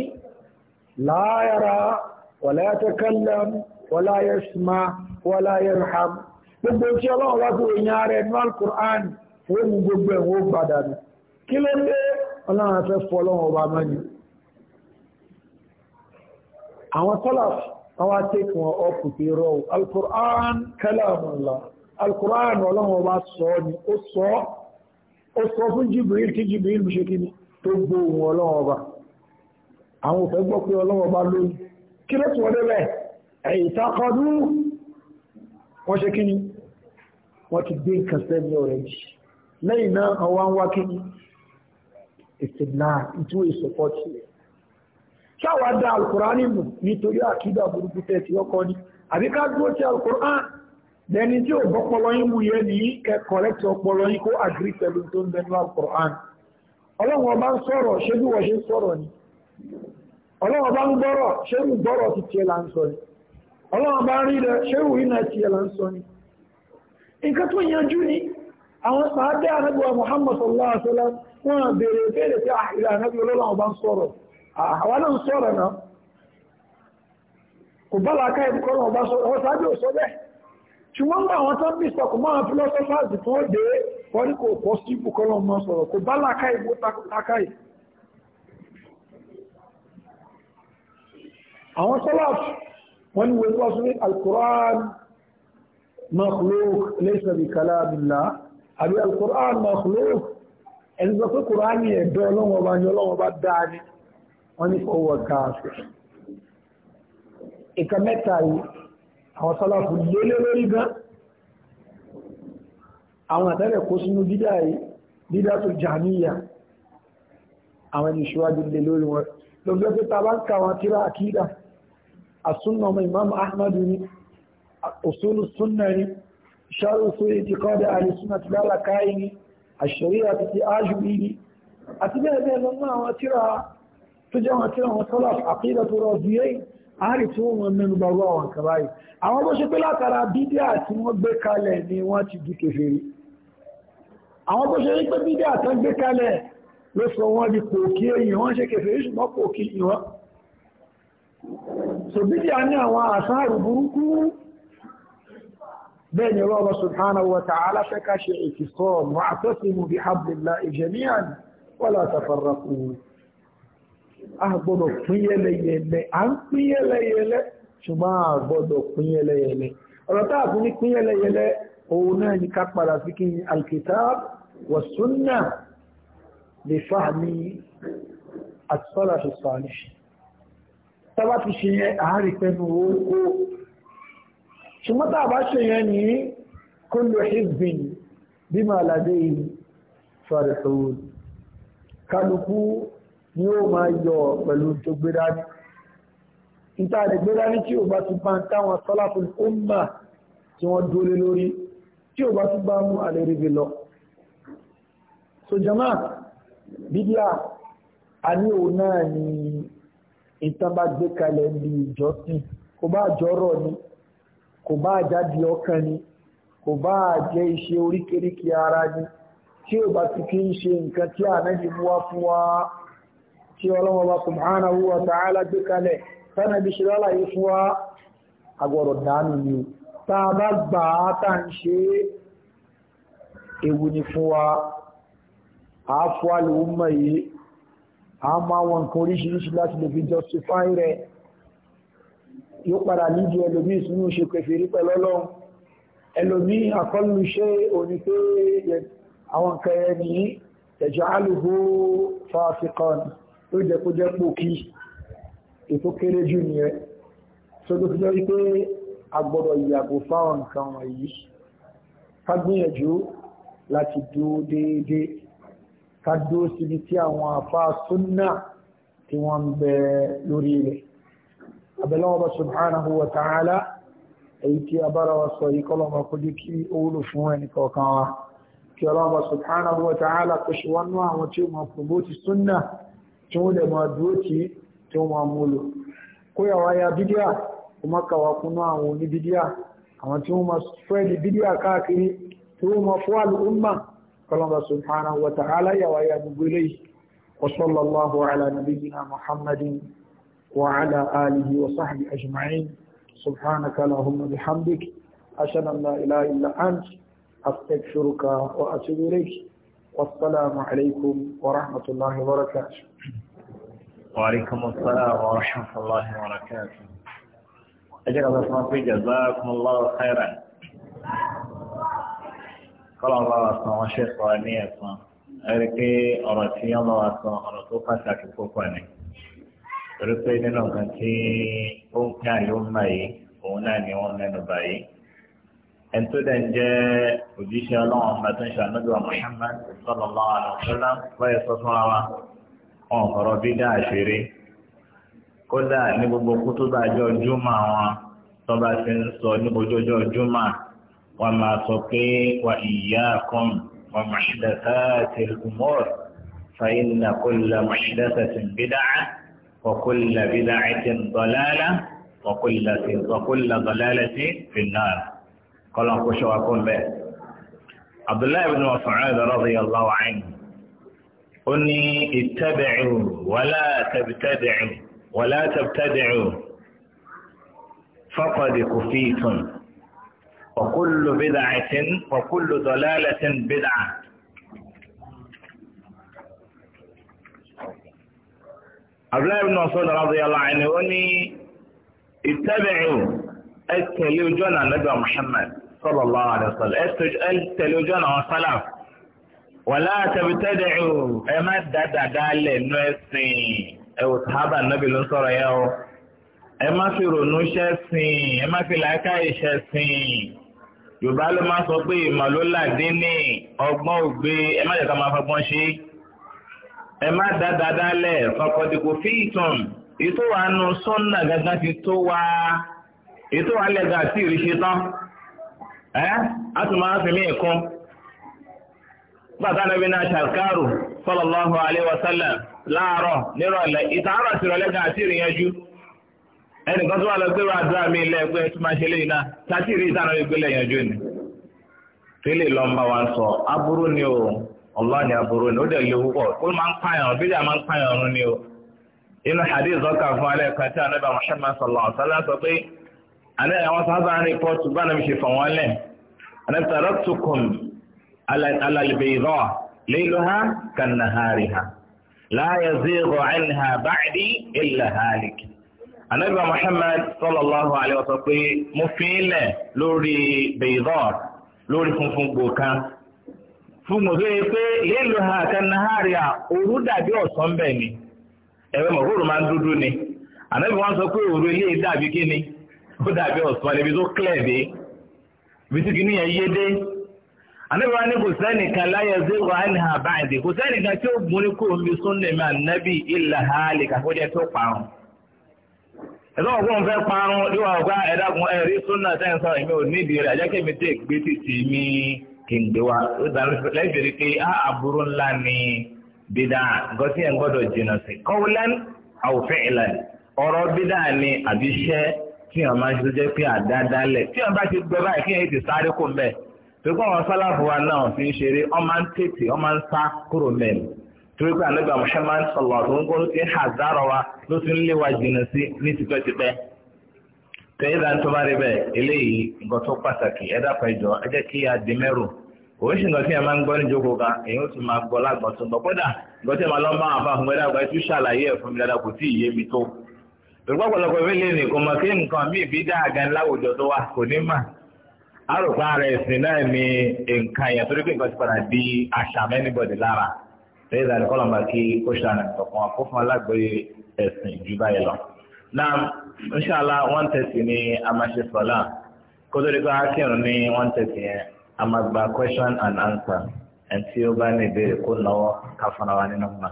láàárọ̀ ولا يتكلم ولا يسمع ولا يرحم. gbogbo tí ọlọ́run bá fi èèyàn rẹ̀ ní alukur'an wọ́n mú gbogbo ẹ̀ wọ́n padà nù kí ló dé ọlọ́run afẹ́ fọ ọlọ́run ọba mọ́ni àwọn tọ́làfù àwọn atẹ́kùn wọn ọkù tí rọ alukur'an kalamullah alukur'an ọlọ́run ọba sọ ni ó sọ ó sọ fún jibril tí jibril bí ṣe kí ni tó gbóhùn ọlọ́run ọba àwọn òfẹ́ gbọ́ pé ọlọ́run ọba lóyún kí ló tún wọ́n débẹ̀ ẹ̀yìn takọdú wọ́n ṣe kíni wọ́n ti gbé nǹkan sẹ́ni ọ̀rẹ́ jì lẹ́yìn náà àwọn ń wá kíni ìsìnlá ìtúwé ìsọpọ́tì rẹ̀ ṣáwà dá alkùránì mù nítorí àkídà burúkú tẹ́tí ọkọ̀ ní dúró tí alkùrán lẹni tí yín mú yẹ ní ọpọlọ yín kó àgírí pẹ̀lú tó ń bẹnu ọlọ́run ọba ń sọ̀rọ̀ ni ọlọ́wọ́ bá ń gbọ́rọ̀ ṣéwù gbọ́rọ̀ ti tiẹ̀ là ń sọ ni ọlọ́wọ́ bá ń rí rẹ̀ ṣéwù iná tiẹ̀ là ń sọ ni nǹkan tó yanjú ni àwọn sàádé anábíwa Muhammad sallallahu alaihi wasallam wọn béèrè béèrè ah, sí àhìrì anábí ọlọ́wọ́ bá ń sọ̀rọ̀ ah, àwa náà ń sọ̀rọ̀ náà kò bá làákà ìbùkọ́ náà wọ́n ní àwọn salaf wọ́n ni wọ́n sọ ní alkùrán makhluk laysa bi kalamillah àbí alkùrán makhluk ẹni sọ pé kùrán ni ẹ̀dọ́ ọlọ́wọ́ bá ní ọlọ́wọ́ bá dáa ni wọ́n ní fọwọ́ káàfẹ́ ìka mẹ́ta yìí àwọn salaf lélé lórí gan àwọn àtẹ́rẹ̀ kó sínú dídá yìí dídá tó jàmíyà àwọn ẹni ìṣíwájú lé lórí wọn lọ́gbẹ́ pé ta bá ń ka àwọn tíra àkídà àsúnà ọmọ ìmáàmù ahmadu ni òṣèlú súnà ni ṣáàrù tó ètì kọ́dẹ̀ àrísúnà ti lálàkáyì ni àṣẹ̀rí àti ti ájúbí ni àti bẹ́ẹ̀ bẹ́ẹ̀ lọ mọ́ àwọn tíra tó jẹ́ àwọn tíra wọn tọ́lá àkídà tó rọ bíyẹ́ àárí tí wọ́n mẹ́nu bá rọ àwọn kàrá yìí àwọn bó ṣe pé látara bídíà tí wọ́n gbé kalẹ̀ ni wọ́n ti di kèfèrí àwọn bó ṣe rí pé bídíà tán gbé kalẹ̀ ló sọ wọ́n di pòkí èèyàn wọ́n ṣe kèfèrí ṣùgbọ́n pòkí ìwọ́n sòbídíà ní àwọn àṣáàrù burúkú bẹ́ẹ̀ ni Allah subhanahu wa ta'ala fẹ́ ká ṣe ìfìsọ́ọ̀m wa'tasimu bihablillahi jami'an wala tafarraqu a gbọ́dọ̀ pín yẹ́lẹyẹ̀lẹ à ń pín yẹ́lẹyẹ̀lẹ ṣùgbọ́n a gbọ́dọ̀ pín yẹ́lẹyẹ̀lẹ ọ̀rọ̀ táà fún ní pín yẹ́lẹyẹ̀lẹ òun náà tàbá ti ṣe yẹn àárí pẹ̀lú owó ṣùgbọ́n tàbá ṣe yẹn ní kullu hizbin bima ladayhim farihun kálukú ni ó máa yọ pẹ̀lú tó gbé dání níta àdìgbé dání tí ò bá ti bá ń táwọn salaful umma tí wọ́n dúró lórí tí ò bá ti bá mú àlèrèbè lọ so bíbíà àní òun náà ni ìtàn bá gbé kalẹ̀ ní ìjọsìn kò bá jọrọ̀ ni kò bá jáde ọkàn ni kò bá jẹ́ iṣẹ́ oríkèríkè ara ni tí ó bá ti fi ń ṣe nǹkan tí ànábì mú wá fún wa tí ọlọ́wọ́ bá subhanahu wa ta'ala gbé kalẹ̀ tánà bí ṣe lálàyé fún wa agbọ̀rọ̀ dánù ni tá a bá gbà á tá ń ṣe ewu ni fún wa àáfọ́ alùwùmọ̀ yìí a máa wọn nǹkan oríṣiríṣi láti lè fi justify rẹ̀ yóò padà nídìí ẹlòmíì sínú ṣe kèfèrí pẹ̀lú Ọlọ́run ẹlòmíì àkọlù ṣe òní pé àwọn nǹkan ẹni ẹ̀jọ́ alùgbò fàáfikọ́n tó jẹ́ kó jẹ́ pòkí ètò kéré jù ní ẹ tó tó fi jẹ́ wípé agbọ́dọ̀ ìyàgò fáwọn nǹkan wọ̀nyí ká gbìyànjú láti dúó déédéé ká dúró síbi tí àwọn àfáà súnà tí wọ́n ń bẹ lórí ilẹ̀ abẹ́lẹ́wọ̀n bá subhanahu wa ta'ala èyí tí a bára wa sọ yìí kọ́lọ̀ máa kójú kí ó wúlò fún ẹnì kọ̀ọ̀kan wa kí ọlọ́wọ́n bá subhanahu wa ta'ala kó ṣe wọ́n àwọn tí wọ́n máa spread كلام سبحانه وتعالى يا ويا بقولي وصلى الله على نبينا محمد وعلى آله وصحبه أجمعين سبحانك اللهم بحمدك أشهد أن لا إله إلا أنت أستغفرك وأتوب إليك والسلام عليكم ورحمة الله وبركاته وعليكم السلام ورحمة الله وبركاته أجل الله في جزاكم الله خيرا kọ́lọ́n bá wa san wọn ṣe sọ ní ẹ̀sán ẹ̀rí pé ọ̀rọ̀ tí wọ́n bá wa san ọ̀rọ̀ tó pàtàkì púpọ̀ ni torí pé nínú nǹkan tí ó ń pín àyè ń bà yìí òun náà ni wọ́n mẹ́nu bà yìí ẹni tó dẹ̀ ń jẹ́ òjíṣẹ́ ọlọ́run ọba tó ń ṣàánúdù Muhammad sallallahu alaihi wasallam báyìí sọ fún wa wọn ọ̀rọ̀ bí dá àṣírí kódà ní gbogbo kútúbà ọjọ́ júmọ̀ àwọn tó bá ti ń sọ ní ojoojọ́ júmọ̀ وما تقي وإياكم ومحدثات الأمور فإن كل محدثة بدعة وكل بدعة ضلالة وكل وكل ضلالة في النار قال أبو شواكون به عبد الله بن مسعود رضي الله عنه أني اتبعوا ولا تبتدعوا ولا تبتدعوا فقد كفيتم وكل بدعة وكل ضلالة بدعة عبد الله بن مسعود رضي الله عنه وني اتبعوا اتلوا جنى النبي محمد صلى الله عليه وسلم اتلوا جنى وصلاة ولا تبتدعوا اما دادا دالة نوسي او صحابة النبي لنصر ياو اما في رنوشة سي اما في العكاية سي yorùbá ló máa sọ pé ìmọ̀ ló làdí ní ọgbọ́n ògbé ẹ má jẹ́ ká máa fọgbọ́n ṣe ẹ má dáadáa dálẹ̀ fọkọdìkò fíìtàn ètò wa nu sọ́nà gángan ti tó wa ètò wa lẹ́gàn àti ìrìṣẹ́ tán ẹ́ a tún máa fi mí kún bàtà nàbí náà ṣàkárò sallallahu alaihi wasallam láàárọ̀ nírọ̀lẹ́ ìtàárọ̀ àti ìrọ̀lẹ́gàn àti ìrìyànjú ẹnìkan tó wà lọ sí àdúrà mi ilé ẹgbẹ́ tó máa ṣe léyìn náà tàbí ìrí ìtàn àwọn ìgbélé yanjú ni tẹ́lẹ̀ lọ ń bá wa sọ aburú ni o ọlọ́run ni aburú ni ó dẹ̀ léwu pọ̀ ó máa ń pààyàn bíjà máa ń pààyàn ọ̀run ni o inú hadith zọ́kà fún alẹ́ kan tí anábà Muhammad sallallahu alaihi wasallam sọ pé alẹ́ àwọn sábà ń rìpọ́tù bá mi ṣe fọ̀wọ́n lẹ̀ anataraktukum alalbeidọ́ anabi muhammad sallallahu alayhi wa sallam pé mo fi í lẹ̀ lórí beidor lórí funfun gbòkan fún mo fi pé lílo ha kanaharia òru dàbí ọ̀sán bẹ́ẹ̀ ni ẹ̀rọ mọ̀kúrò máa ń dúdú ni anabi wọn sọ pé òru eléyìí dàbí kíni ó dàbí ọ̀sán níbi tó kílẹ̀ dé ibi tí kìíní yẹn yé dé anabi wọn ní kò sẹ́nìkan láyé zero and a half báyìí kò sẹ́nìkan tí ó gbóni kó omi sún ní mi ànábì ìlà lè kàkó jẹ́ tó parun ẹ̀sọ́ ọ̀gbọ́n fẹ́ parun yóò wà ọ̀gá ẹ̀dàkùn ẹ̀rí súnà tẹ́ǹsán èmi ò nídìí rẹ̀ ajá kẹ́mi tẹ́ gbé títì mi kì ń gbé wa ó dàrú lẹ́gbẹ̀rẹ́ pé á àbúrò ńlá ni bídà nǹkan ẹ̀ ń gbọ́dọ̀ jìnnà sí kọ́wúlẹ́n àwòfẹ́ ìlànà ọ̀rọ̀ bídà ni àbíṣẹ́ tí wọ́n máa ń ṣe jẹ́ pé àdádálẹ̀ tí wọ́n bá ti gbẹ báyìí kí wọ́n ti sáré kó mbẹ́ pé torí pé ànágbà Muhammad sallallahu alaihi wasallam ti ń hàzára wa ló ti ń lé wa jìnnà sí ní tipẹ́tipẹ́ tẹ̀yìn dáa tó bá rí bẹ́ẹ̀ eléyìí nǹkan tó pàtàkì ẹ̀dá pẹ̀jọ ẹ jẹ́ kí a di mẹ́rù oríṣi nǹkan tí ẹ máa ń gbọ́ níjókòó kan èyí ó sì máa gbọ́ lágbọ́n tó ń gbọ́ kódà nǹkan tí ẹ máa lọ bá àfa fún ẹ̀dá àgbà ẹ tún ṣàlàyé ẹ̀ fún mi dáadáa kò tí ì yé mi tó ìgbà pọ̀lọpọ̀ ìwélé ni kò mọ̀ kí nǹkan míì bí dáa láwùjọ tó wà kò ní mà àròpá rẹ̀ sìn náà ni nǹkan yẹn torí pé nǹkan ti padà di àṣà mẹ́nibọ̀dì lára lẹ́yìn ìdáni kọ́ lọ́mọ kí kó ṣàánà kọ̀ọ̀kan kó alágbèé ẹ̀sìn jù báyìí lọ. náà inṣàlá one thirty ni a máa ṣe sọ́lá kó tó di pé akínrun ní one thirty yẹn a máa gba question and answer ẹ̀ tí ó bá ní ìbéèrè kó náwó ká fúnra wa nínú mọ́.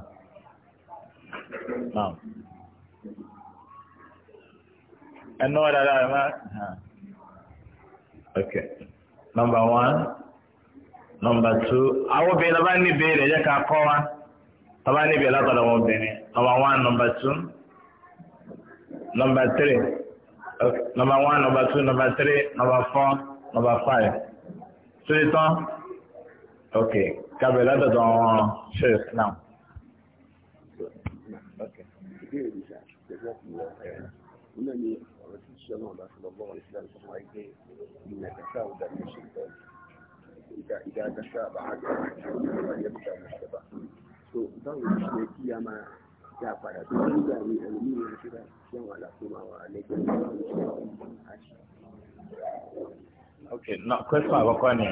ẹ̀ náwó dáadáa ẹ̀ máa. okay number one nọmba tu àwọn obìnrin lọ́ba ní ìbéèrè ẹ̀jẹ̀ ká kọ́ wa lọ́ba ní ìbéèrè látọ̀dọ̀ wọn obìnrin nọmba one nọmba two nọmba three nọmba one nọmba two nọmba three nọmba four nọmba five tóri tán ok kábẹ̀ látọ̀dọ̀ wọn ṣe náà. Una إذا إذا تشابه يبقى مشتبه to ba mu shi kiyama ya fara to ni da ni alimi ne shi da yan wala kuma wa alaikum Okay, no, question about Kwani.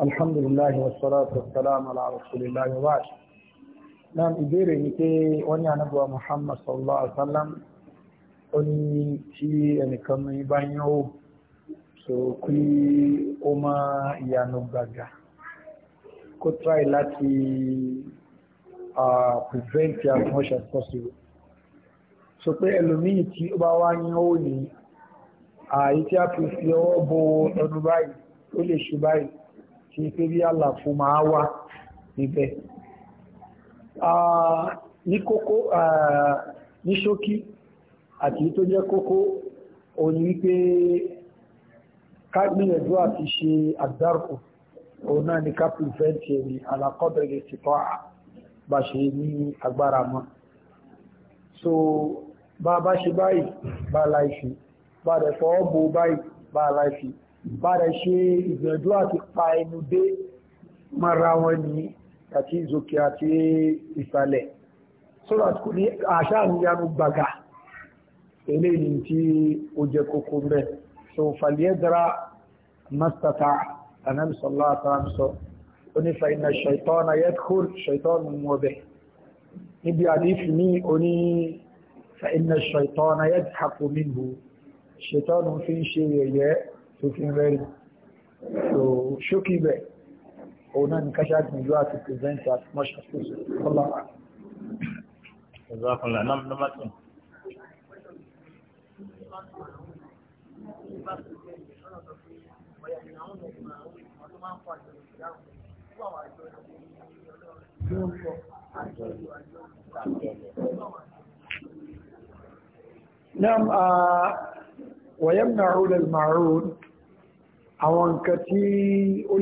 الحمد لله والصلاة والسلام على رسول الله وبعد نعم إبيري نكي وني عن أبوى محمد صلى الله عليه وسلم ó ní tí ẹnìkan ní bá yán ó so kí ó má ìyanu gbàgà kó try láti prevent as much as possible so pé ẹlòmíì tí ó bá wá yán ó ní àyí tí a fi fi ọwọ́ bo ẹnu báyìí ó lè ṣe báyìí kí pé bí àlàfo máa wà níbẹ̀ ní kókó ní ṣókí àti tó jẹ́ kókó òun ni wípé ká gbìyànjú àti ṣe àgbárò òun náà ni ká pìfẹ́ǹtì ẹ̀mí alákọ́bẹ̀rẹ̀ ti tọ́ bá ṣe ní agbára mọ́ so bá bá ṣe báyìí bá láìsí bá rẹ̀ fọwọ́ bo báyìí bá láìsí bá rẹ̀ ṣe ìgbìyànjú àti pa ẹnu dé mara wọn ní àti ìzòkè àti ìsàlẹ̀ so that kò ní àṣà àmì gbàgà eléyìí tí ó jẹ́ kókó mbẹ́ so fàlíẹ́dára mọ́tàtà anamisọ́lá àtàràmsọ́ onífà iná ṣaitọ́nà yẹ́kùr ṣaitọ́nà mọ́bẹ̀ níbi àdífì ní oní fa iná ṣaitọ́nà yẹ́kùr minhu ṣaitọ́nà fi ń ṣe yẹ̀yẹ́ tó fi ń rẹ́rìn so ṣókí bẹ̀ òun náà ní káṣá gbìyànjú àti present as much as possible. Allah. Jazakallah. Nam, nam, nam. Nam a wàyán náà rúlẹ̀ màárùn-ún àwọn nǹkan tí ó